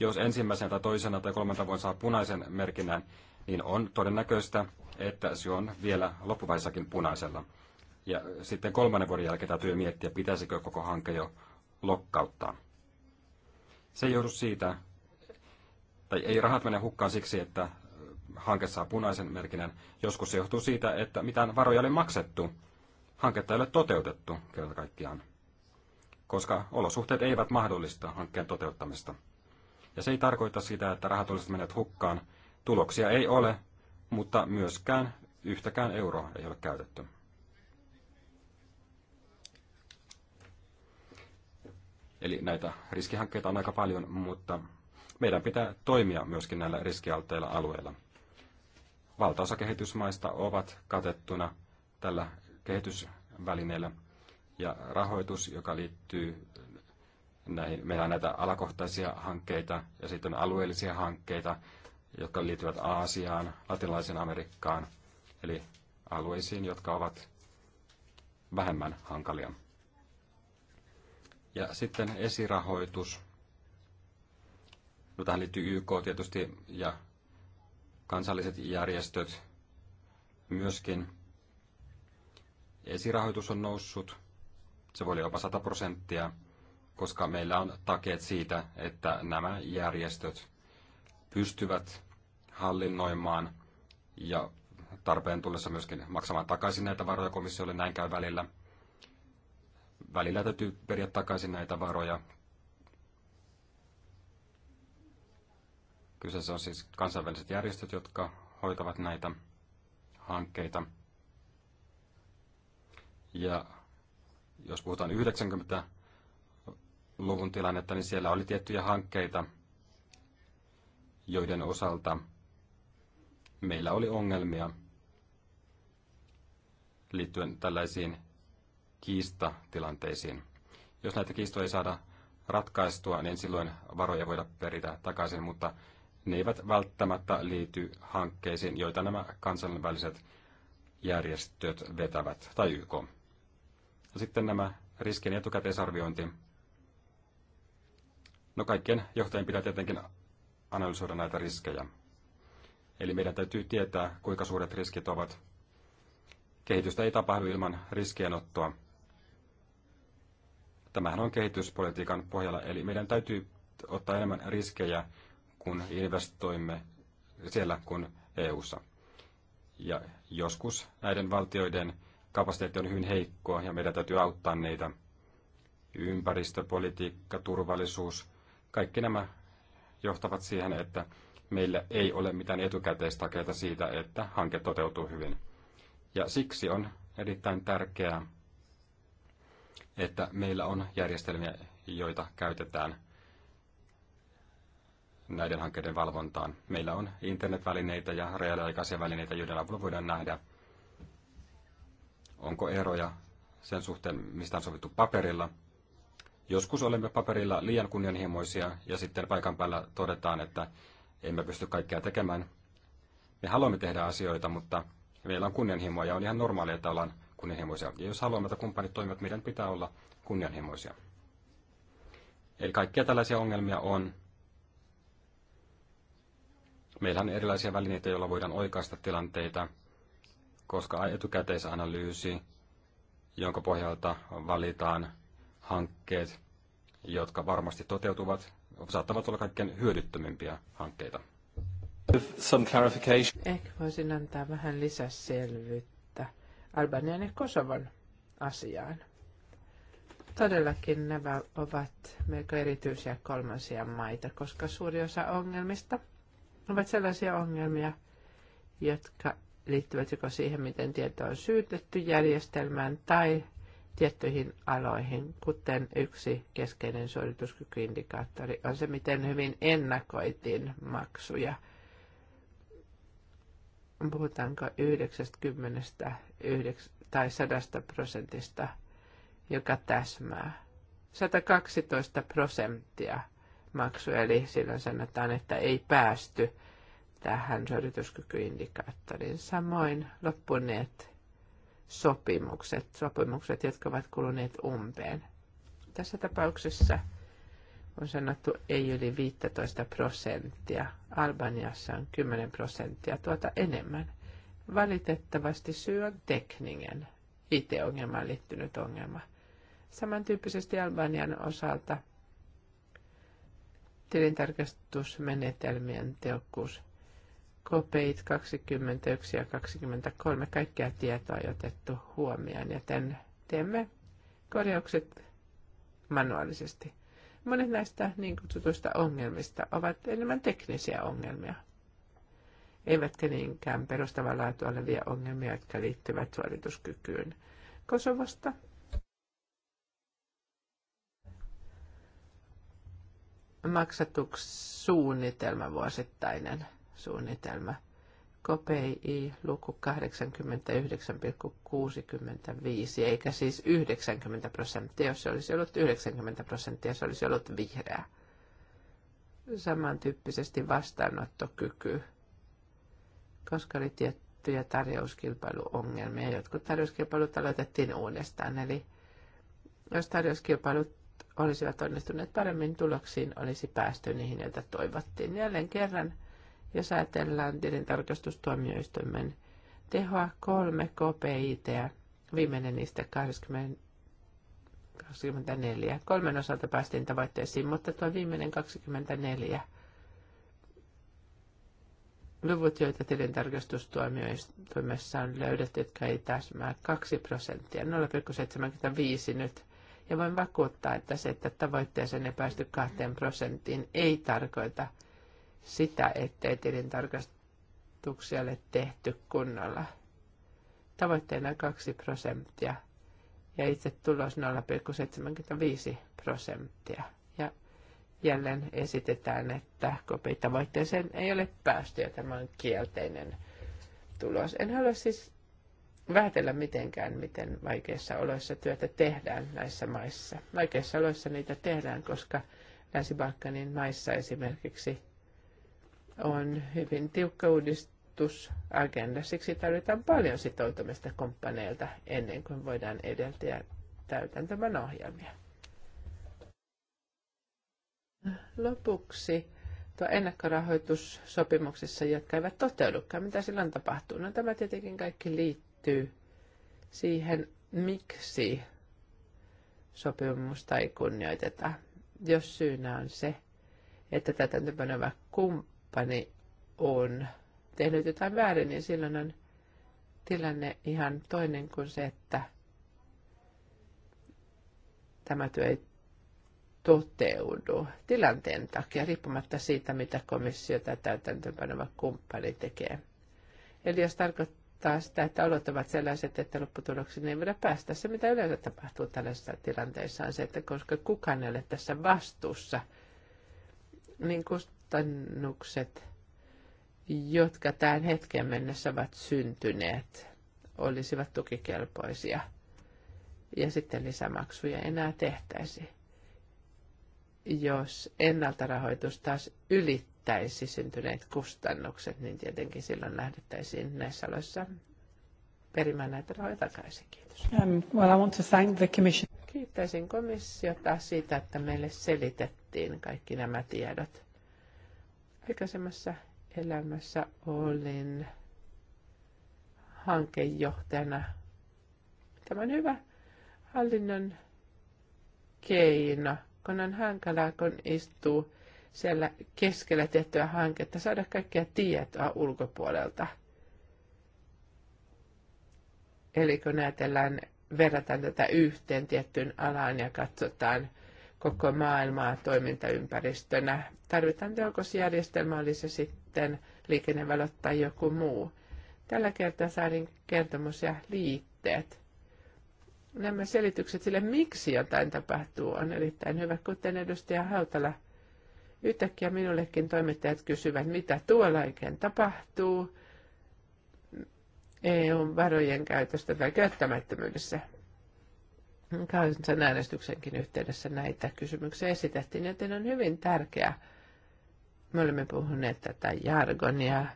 Jos ensimmäisenä tai toisena tai kolmantena vuonna saa punaisen merkinnän, niin on todennäköistä, että se on vielä loppuvaiheessakin punaisella. Ja sitten kolmannen vuoden jälkeen täytyy miettiä, pitäisikö koko hanke jo lokkauttaa. Se ei joudu siitä, tai ei rahat mene hukkaan siksi, että hanke saa punaisen merkinnän. Joskus se johtuu siitä, että mitään varoja ei ole maksettu. Hanketta ei ole toteutettu kerta kaikkiaan koska olosuhteet eivät mahdollista hankkeen toteuttamista. Ja se ei tarkoita sitä, että rahat olisivat menneet hukkaan. Tuloksia ei ole, mutta myöskään yhtäkään euroa ei ole käytetty. Eli näitä riskihankkeita on aika paljon, mutta meidän pitää toimia myöskin näillä riskialteilla alueilla. Valtaosa kehitysmaista ovat katettuna tällä kehitysvälineellä – ja rahoitus, joka liittyy näihin, meillä on näitä alakohtaisia hankkeita ja sitten alueellisia hankkeita, jotka liittyvät Aasiaan, Latinalaiseen Amerikkaan, eli alueisiin, jotka ovat vähemmän hankalia. Ja sitten esirahoitus. No, tähän liittyy YK tietysti ja kansalliset järjestöt myöskin. Esirahoitus on noussut se voi olla jopa 100 prosenttia, koska meillä on takeet siitä, että nämä järjestöt pystyvät hallinnoimaan ja tarpeen tullessa myöskin maksamaan takaisin näitä varoja komissiolle. Näin käy välillä. Välillä täytyy periä takaisin näitä varoja. Kyseessä on siis kansainväliset järjestöt, jotka hoitavat näitä hankkeita. Ja jos puhutaan 90-luvun tilannetta, niin siellä oli tiettyjä hankkeita, joiden osalta meillä oli ongelmia liittyen tällaisiin kiistatilanteisiin. Jos näitä kiistoja ei saada ratkaistua, niin silloin varoja voida peritä takaisin, mutta ne eivät välttämättä liity hankkeisiin, joita nämä kansainväliset järjestöt vetävät tai YK. Sitten nämä riskien etukäteisarviointi. No kaikkien johtajien pitää tietenkin analysoida näitä riskejä. Eli meidän täytyy tietää, kuinka suuret riskit ovat. Kehitystä ei tapahdu ilman riskienottoa. Tämähän on kehityspolitiikan pohjalla, eli meidän täytyy ottaa enemmän riskejä, kun investoimme siellä kuin EU-ssa. Ja joskus näiden valtioiden kapasiteetti on hyvin heikkoa ja meidän täytyy auttaa niitä. Ympäristöpolitiikka, turvallisuus, kaikki nämä johtavat siihen, että meillä ei ole mitään etukäteistakeita siitä, että hanke toteutuu hyvin. Ja siksi on erittäin tärkeää, että meillä on järjestelmiä, joita käytetään näiden hankkeiden valvontaan. Meillä on internetvälineitä ja reaaliaikaisia välineitä, joiden avulla voidaan nähdä, onko eroja sen suhteen, mistä on sovittu paperilla. Joskus olemme paperilla liian kunnianhimoisia ja sitten paikan päällä todetaan, että emme pysty kaikkea tekemään. Me haluamme tehdä asioita, mutta meillä on kunnianhimoa ja on ihan normaalia, että ollaan kunnianhimoisia. Ja jos haluamme, että kumppanit toimivat, meidän pitää olla kunnianhimoisia. Eli kaikkia tällaisia ongelmia on. Meillä on erilaisia välineitä, joilla voidaan oikaista tilanteita – koska etukäteisanalyysi, jonka pohjalta valitaan hankkeet, jotka varmasti toteutuvat, saattavat olla kaikkein hyödyttömimpiä hankkeita. Some clarification. Ehkä voisin antaa vähän lisäselvyyttä Albanian ja Kosovon asiaan. Todellakin nämä ovat melko erityisiä kolmansia maita, koska suuri osa ongelmista ovat sellaisia ongelmia, jotka liittyvät joko siihen, miten tieto on syytetty järjestelmään tai tiettyihin aloihin, kuten yksi keskeinen suorituskykyindikaattori on se, miten hyvin ennakoitiin maksuja. Puhutaanko 90 tai 100 prosentista, joka täsmää. 112 prosenttia maksu, eli silloin sanotaan, että ei päästy tähän suorituskykyindikaattoriin. Samoin loppuneet sopimukset, sopimukset, jotka ovat kuluneet umpeen. Tässä tapauksessa on sanottu ei yli 15 prosenttia. Albaniassa on 10 prosenttia, tuota enemmän. Valitettavasti syy on tekninen, IT-ongelmaan liittynyt ongelma. Samantyyppisesti Albanian osalta tilintarkastusmenetelmien tehokkuus kopeit 21 ja 23. Kaikkea tietoa on otettu huomioon, joten teemme korjaukset manuaalisesti. Monet näistä niin kutsutuista ongelmista ovat enemmän teknisiä ongelmia, eivätkä niinkään perustavaa laatua olevia ongelmia, jotka liittyvät suorituskykyyn. Kosovosta maksatussuunnitelma vuosittainen – suunnitelma. i luku 89,65, eikä siis 90 prosenttia. Jos se olisi ollut 90 prosenttia, se olisi ollut vihreä. Samantyyppisesti vastaanottokyky, koska oli tiettyjä tarjouskilpailuongelmia. Jotkut tarjouskilpailut aloitettiin uudestaan, eli jos tarjouskilpailut olisivat onnistuneet paremmin, tuloksiin olisi päästy niihin, joita toivottiin. Jälleen kerran – jos ajatellaan tilintarkastustuomioistuimen tehoa kolme KPIT, viimeinen niistä 24. Kolmen osalta päästiin tavoitteisiin, mutta tuo viimeinen 24 luvut, joita tilintarkastustuomioistuimessa on löydetty, jotka ei täsmää 2 prosenttia, 0,75 nyt. Ja voin vakuuttaa, että se, että tavoitteeseen ei päästy 2 prosenttiin, ei tarkoita, sitä, ettei tilintarkastuksia ole tehty kunnolla. Tavoitteena 2 prosenttia ja itse tulos 0,75 prosenttia. Ja jälleen esitetään, että kopitavoitteeseen ei ole päästy ja tämä on kielteinen tulos. En halua siis vähätellä mitenkään, miten vaikeissa oloissa työtä tehdään näissä maissa. Vaikeissa oloissa niitä tehdään, koska Länsi-Balkanin maissa esimerkiksi on hyvin tiukka uudistusagenda. Siksi tarvitaan paljon sitoutumista komppaneilta ennen kuin voidaan edeltää täytäntömän ohjelmia. Lopuksi tuo ennakkorahoitussopimuksissa, jotka eivät toteudukaan, mitä silloin tapahtuu? No tämä tietenkin kaikki liittyy siihen, miksi sopimusta ei kunnioiteta, jos syynä on se, että täytäntöpanova kumppani kumppani on tehnyt jotain väärin, niin silloin on tilanne ihan toinen kuin se, että tämä työ ei toteudu tilanteen takia, riippumatta siitä, mitä komissio tai täytäntöönpanova kumppani tekee. Eli jos tarkoittaa sitä, että olot ovat sellaiset, että lopputuloksiin ei voida päästä, se mitä yleensä tapahtuu tällaisessa tilanteessa on se, että koska kukaan ei ole tässä vastuussa, niin kustannukset, jotka tämän hetken mennessä ovat syntyneet, olisivat tukikelpoisia ja sitten lisämaksuja enää tehtäisi, jos ennaltarahoitus taas ylittäisi syntyneet kustannukset, niin tietenkin silloin lähdettäisiin näissä aloissa perimään näitä rahoja takaisin. Kiitos. Um, well, I want to thank the commission. Kiittäisin komissiota siitä, että meille selitettiin kaikki nämä tiedot. Aikaisemmassa elämässä olin hankejohtajana. Tämä on hyvä hallinnon keino, kun on hankalaa, kun istuu siellä keskellä tehtyä hanketta, saada kaikkea tietoa ulkopuolelta. Eli kun ajatellaan, verrataan tätä yhteen tiettyyn alaan ja katsotaan, koko maailmaa toimintaympäristönä. Tarvitaan teokosjärjestelmä, oli se sitten liikennevalot tai joku muu. Tällä kertaa saadin kertomus ja liitteet. Nämä selitykset sille, miksi jotain tapahtuu, on erittäin hyvä, kuten edustaja Hautala. Yhtäkkiä minullekin toimittajat kysyvät, mitä tuolla oikein tapahtuu. eu varojen käytöstä tai käyttämättömyydessä äänestyksenkin yhteydessä näitä kysymyksiä esitettiin, joten on hyvin tärkeää. Me olemme puhuneet tätä jargonia,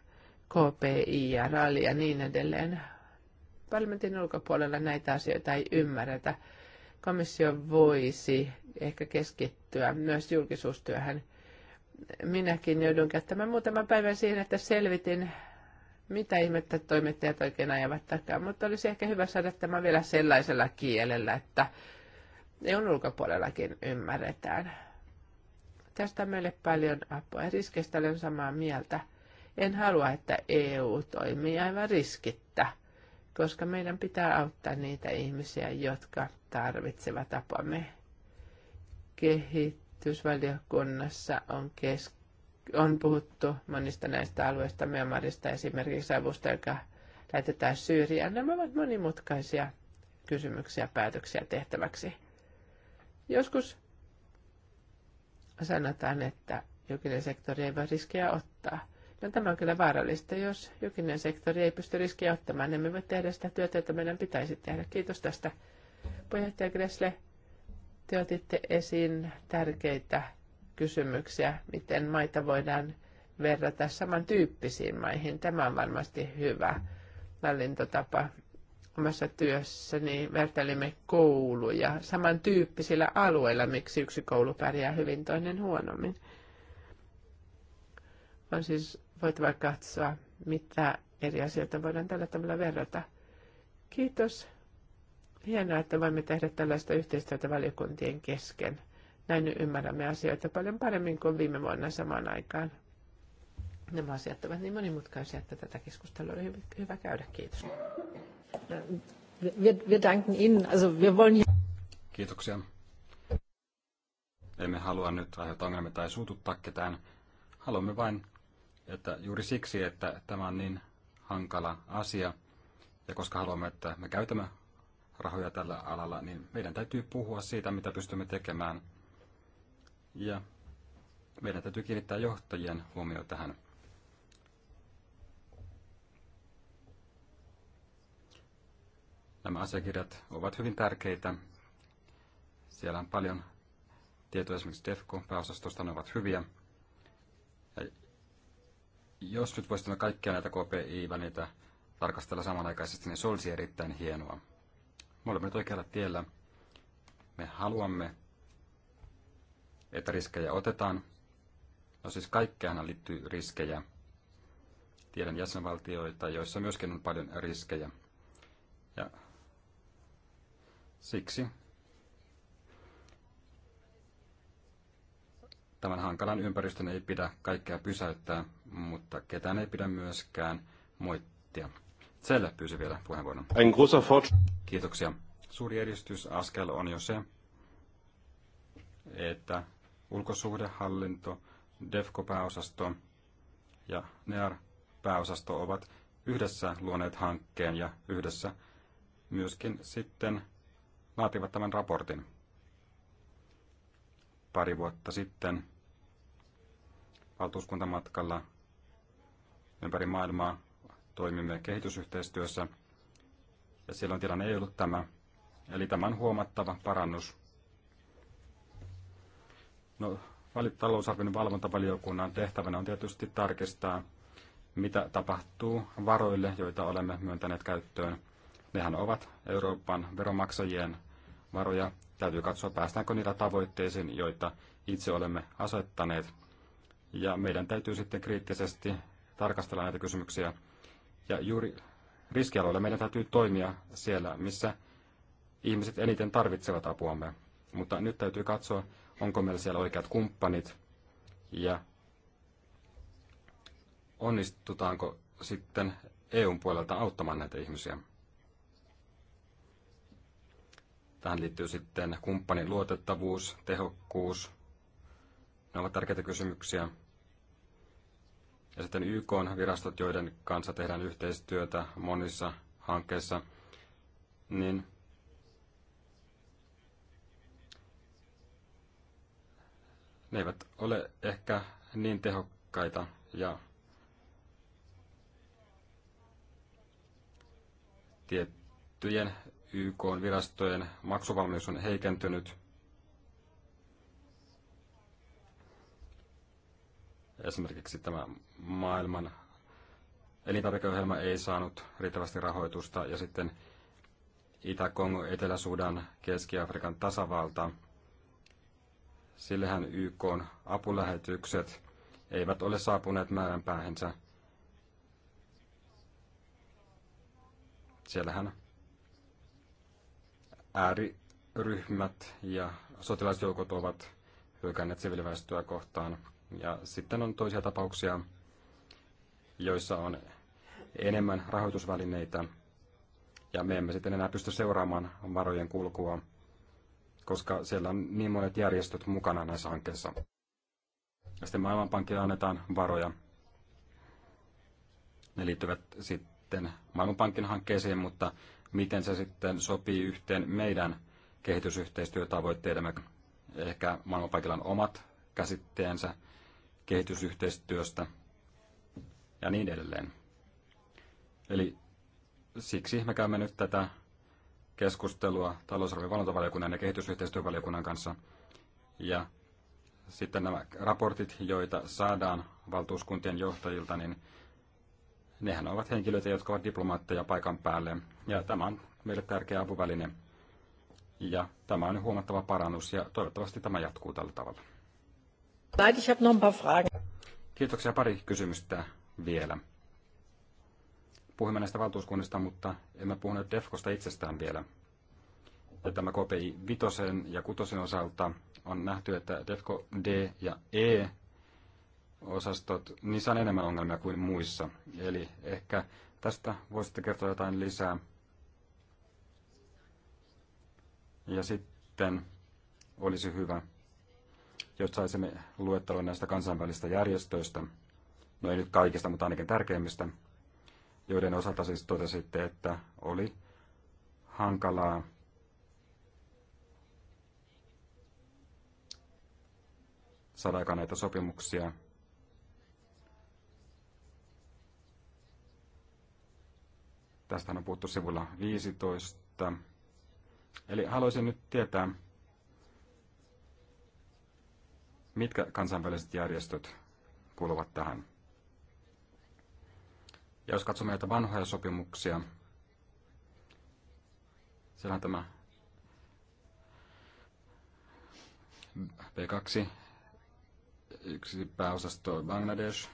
KPI ja rali ja niin edelleen. Parlamentin ulkopuolella näitä asioita ei ymmärretä. Komissio voisi ehkä keskittyä myös julkisuustyöhön. Minäkin joudun käyttämään muutaman päivän siihen, että selvitin mitä ihmettä toimittajat oikein ajavat takaa, mutta olisi ehkä hyvä saada tämä vielä sellaisella kielellä, että EUn ulkopuolellakin ymmärretään. Tästä meille paljon apua. Riskeistä olen samaa mieltä. En halua, että EU toimii aivan riskittä, koska meidän pitää auttaa niitä ihmisiä, jotka tarvitsevat me. Kehitysvaliokunnassa on keskeistä on puhuttu monista näistä alueista, Myanmarista esimerkiksi avusta, joka lähetetään Syyriään. Nämä ovat monimutkaisia kysymyksiä päätöksiä tehtäväksi. Joskus sanotaan, että jokinen sektori ei voi riskejä ottaa. No tämä on kyllä vaarallista, jos jokinen sektori ei pysty riskejä ottamaan. niin me voi tehdä sitä työtä, jota meidän pitäisi tehdä. Kiitos tästä. Puheenjohtaja Gressle, te otitte esiin tärkeitä kysymyksiä, miten maita voidaan verrata samantyyppisiin maihin. Tämä on varmasti hyvä hallintotapa. Omassa työssäni vertailimme kouluja samantyyppisillä alueilla, miksi yksi koulu pärjää hyvin, toinen huonommin. On siis vaikka katsoa, mitä eri asioita voidaan tällä tavalla verrata. Kiitos. Hienoa, että voimme tehdä tällaista yhteistyötä valiokuntien kesken. Näin ymmärrämme asioita paljon paremmin kuin viime vuonna samaan aikaan. Nämä asiat ovat niin monimutkaisia, että tätä keskustelua oli hyvä käydä. Kiitos. Kiitoksia. Emme halua nyt aiheuttaa ongelmia tai suututtaa ketään. Haluamme vain, että juuri siksi, että tämä on niin hankala asia, ja koska haluamme, että me käytämme rahoja tällä alalla, niin meidän täytyy puhua siitä, mitä pystymme tekemään ja meidän täytyy kiinnittää johtajien huomio tähän. Nämä asiakirjat ovat hyvin tärkeitä. Siellä on paljon tietoa esimerkiksi DEFCO-pääosastosta, ne ovat hyviä. Ja jos nyt voisimme kaikkia näitä KPI-välineitä tarkastella samanaikaisesti, niin se olisi erittäin hienoa. Me olemme nyt oikealla tiellä. Me haluamme että riskejä otetaan. No siis kaikkeen liittyy riskejä. Tiedän jäsenvaltioita, joissa myöskin on paljon riskejä. Ja siksi tämän hankalan ympäristön ei pidä kaikkea pysäyttää, mutta ketään ei pidä myöskään moittia. Selle pyysi vielä puheenvuoron. Kiitoksia. Suuri edistysaskel on jo se, että ulkosuhdehallinto, DEFCO-pääosasto ja NEAR-pääosasto ovat yhdessä luoneet hankkeen ja yhdessä myöskin sitten laativat tämän raportin. Pari vuotta sitten valtuuskuntamatkalla ympäri maailmaa toimimme kehitysyhteistyössä ja silloin tilanne ei ollut tämä. Eli tämä on huomattava parannus No, talousarvion valvontavaliokunnan tehtävänä on tietysti tarkistaa, mitä tapahtuu varoille, joita olemme myöntäneet käyttöön. Nehän ovat Euroopan veromaksajien varoja. Täytyy katsoa, päästäänkö niillä tavoitteisiin, joita itse olemme asettaneet. Ja meidän täytyy sitten kriittisesti tarkastella näitä kysymyksiä. Ja juuri riskialueilla meidän täytyy toimia siellä, missä ihmiset eniten tarvitsevat apuamme. Mutta nyt täytyy katsoa, onko meillä siellä oikeat kumppanit ja onnistutaanko sitten EUn puolelta auttamaan näitä ihmisiä. Tähän liittyy sitten kumppanin luotettavuus, tehokkuus. Ne ovat tärkeitä kysymyksiä. Ja sitten YK on virastot, joiden kanssa tehdään yhteistyötä monissa hankkeissa, niin ne eivät ole ehkä niin tehokkaita ja tiettyjen YK-virastojen maksuvalmius on heikentynyt. Esimerkiksi tämä maailman elintarvikeohjelma ei saanut riittävästi rahoitusta ja sitten Itä-Kongo, Etelä-Sudan, Keski-Afrikan tasavalta – Sillehän YK apulähetykset eivät ole saapuneet määränpäähänsä. Siellähän ääriryhmät ja sotilasjoukot ovat hyökänneet siviiliväestöä kohtaan. Ja sitten on toisia tapauksia, joissa on enemmän rahoitusvälineitä, ja me emme sitten enää pysty seuraamaan varojen kulkua koska siellä on niin monet järjestöt mukana näissä hankkeissa. Ja sitten Maailmanpankille annetaan varoja. Ne liittyvät sitten Maailmanpankin hankkeeseen, mutta miten se sitten sopii yhteen meidän kehitysyhteistyötavoitteidemme. Ehkä Maailmanpankilla on omat käsitteensä kehitysyhteistyöstä ja niin edelleen. Eli siksi me käymme nyt tätä keskustelua talousarvion valvontavaliokunnan ja kehitysyhteistyövaliokunnan kanssa. Ja sitten nämä raportit, joita saadaan valtuuskuntien johtajilta, niin nehän ovat henkilöitä, jotka ovat diplomaatteja paikan päälle. Ja tämä on meille tärkeä apuväline. Ja tämä on huomattava parannus ja toivottavasti tämä jatkuu tällä tavalla. Kiitoksia pari kysymystä vielä. Puhuimme näistä valtuuskunnista, mutta emme puhuneet DEFKosta itsestään vielä. Ja tämä KPI 5 ja 6 osalta on nähty, että DEFKO D ja E osastot, niissä on enemmän ongelmia kuin muissa. Eli ehkä tästä voisitte kertoa jotain lisää. Ja sitten olisi hyvä, jos saisimme luettelon näistä kansainvälistä järjestöistä, no ei nyt kaikista, mutta ainakin tärkeimmistä, joiden osalta siis totesitte, että oli hankalaa saada aikaan näitä sopimuksia. Tästähän on puhuttu sivulla 15. Eli haluaisin nyt tietää, mitkä kansainväliset järjestöt kuuluvat tähän. Ja jos katsomme näitä vanhoja sopimuksia, siellä on tämä B2, yksi pääosasto Bangladesh.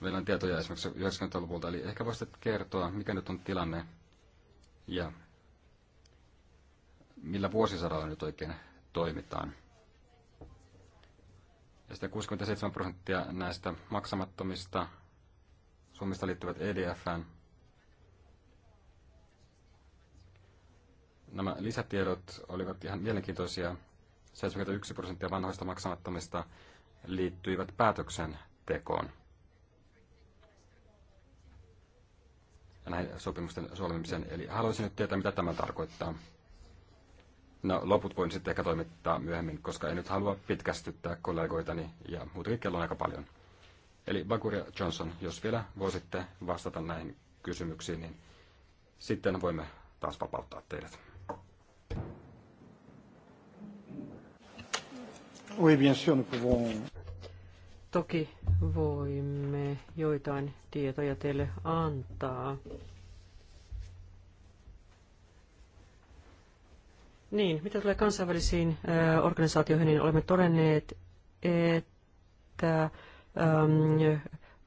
Meillä on tietoja esimerkiksi 90-luvulta, eli ehkä voisit kertoa, mikä nyt on tilanne ja millä vuosisadalla nyt oikein toimitaan. Ja sitten 67 prosenttia näistä maksamattomista summista liittyvät EDFään. Nämä lisätiedot olivat ihan mielenkiintoisia. 71 prosenttia vanhoista maksamattomista liittyivät päätöksentekoon. Ja näin sopimusten solmimiseen. Eli haluaisin nyt tietää, mitä tämä tarkoittaa. No, loput voin sitten ehkä toimittaa myöhemmin, koska en nyt halua pitkästyttää kollegoitani ja muutenkin kello on aika paljon. Eli Bakuria Johnson, jos vielä voisitte vastata näihin kysymyksiin, niin sitten voimme taas vapauttaa teidät. Oui, bien sûr, nous pouvons... Toki voimme joitain tietoja teille antaa. Niin, mitä tulee kansainvälisiin organisaatioihin, niin olemme todenneet, että Ähm,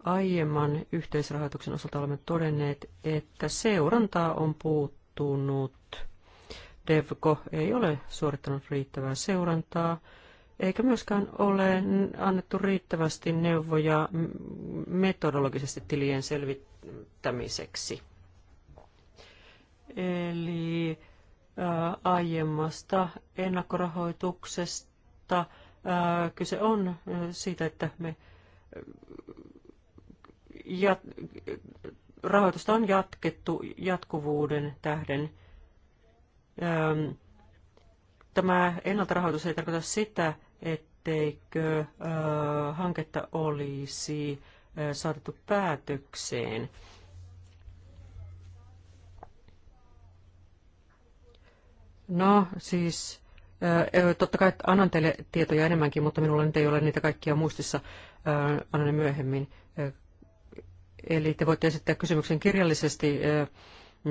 aiemman yhteisrahoituksen osalta olemme todenneet, että seurantaa on puuttunut. DevCo ei ole suorittanut riittävää seurantaa, eikä myöskään ole annettu riittävästi neuvoja metodologisesti tilien selvittämiseksi. Eli ää, äh, aiemmasta ennakkorahoituksesta ää, äh, kyse on äh, siitä, että me ja, rahoitusta on jatkettu jatkuvuuden tähden. Tämä ennaltarahoitus ei tarkoita sitä, etteikö hanketta olisi saatettu päätökseen. No siis, totta kai annan teille tietoja enemmänkin, mutta minulla nyt ei ole niitä kaikkia muistissa. Äh, annan ne myöhemmin. Äh, eli te voitte esittää kysymyksen kirjallisesti äh,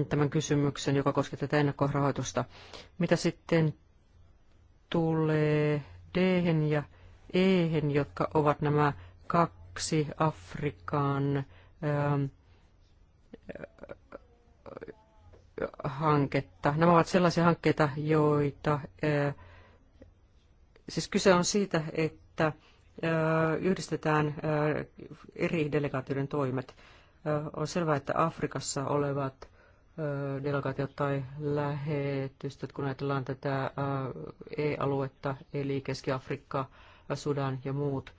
tämän kysymyksen, joka koskee tätä ennakkorahoitusta. Mitä sitten tulee d ja e jotka ovat nämä kaksi Afrikan ähm, hanketta. Nämä ovat sellaisia hankkeita, joita, siis kyse on siitä, että yhdistetään eri delegaatioiden toimet. On selvää, että Afrikassa olevat delegaatiot tai lähetystöt, kun ajatellaan tätä E-aluetta, eli Keski-Afrikka, Sudan ja muut,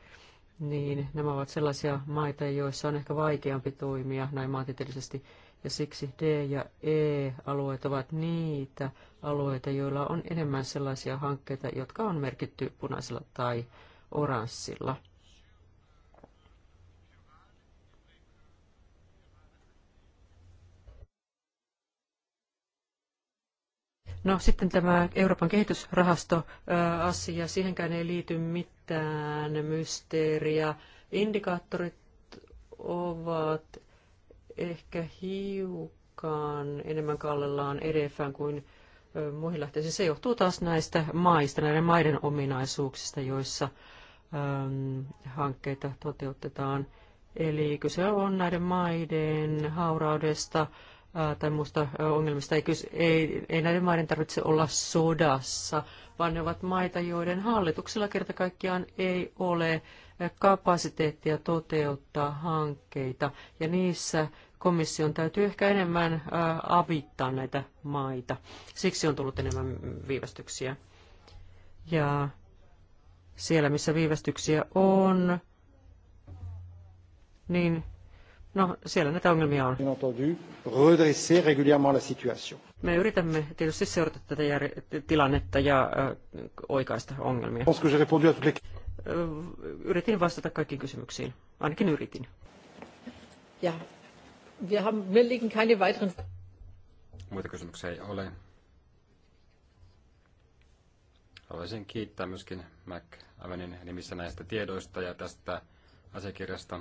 niin nämä ovat sellaisia maita, joissa on ehkä vaikeampi toimia näin maantieteellisesti, ja siksi D- ja E-alueet ovat niitä alueita, joilla on enemmän sellaisia hankkeita, jotka on merkitty punaisella tai oranssilla. No sitten tämä Euroopan kehitysrahasto-asia, siihenkään ei liity mitään mysteeriä. Indikaattorit ovat ehkä hiukan enemmän kallellaan edefään kuin muihin lähteisiin. Se johtuu taas näistä maista, näiden maiden ominaisuuksista, joissa Ähm, hankkeita toteutetaan. Eli kyse on näiden maiden hauraudesta äh, tai muista ongelmista. Ei, kyse, ei, ei näiden maiden tarvitse olla sodassa, vaan ne ovat maita, joiden hallituksella kerta kaikkiaan ei ole äh, kapasiteettia toteuttaa hankkeita. Ja niissä komission täytyy ehkä enemmän äh, avittaa näitä maita. Siksi on tullut enemmän viivästyksiä. Ja siellä, missä viivästyksiä on, niin no, siellä näitä ongelmia on. Me yritämme tietysti seurata tätä tilannetta ja äh, oikaista ongelmia. Yritin vastata kaikkiin kysymyksiin. Ainakin yritin. Ja. Wir haben, wir legen keine weiteren... Muita kysymyksiä ei ole. Haluaisin kiittää myöskin McAvenin nimissä näistä tiedoista ja tästä asiakirjasta,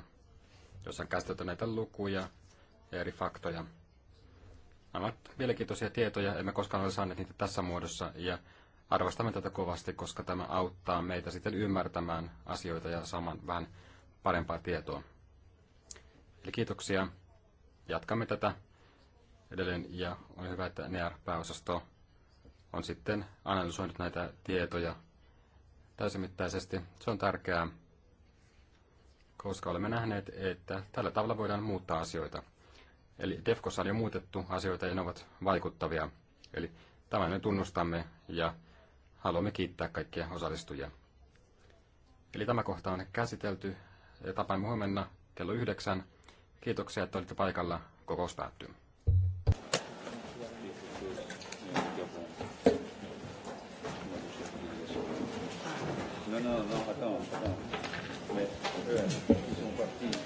jossa on käsitelty näitä lukuja ja eri faktoja. Nämä ovat mielenkiintoisia tietoja, emme koskaan ole saaneet niitä tässä muodossa ja arvostamme tätä kovasti, koska tämä auttaa meitä sitten ymmärtämään asioita ja saamaan vähän parempaa tietoa. Eli kiitoksia. Jatkamme tätä edelleen ja on hyvä, että NEAR-pääosasto on sitten analysoinut näitä tietoja täysimittaisesti. Se on tärkeää, koska olemme nähneet, että tällä tavalla voidaan muuttaa asioita. Eli DEFKossa on jo muutettu asioita ja ne ovat vaikuttavia. Eli tämän me tunnustamme ja haluamme kiittää kaikkia osallistujia. Eli tämä kohta on käsitelty ja tapaamme huomenna kello yhdeksän. Kiitoksia, että olitte paikalla. Kokous päättyy. non, non, attends, attends. Mais eux, ils sont partis.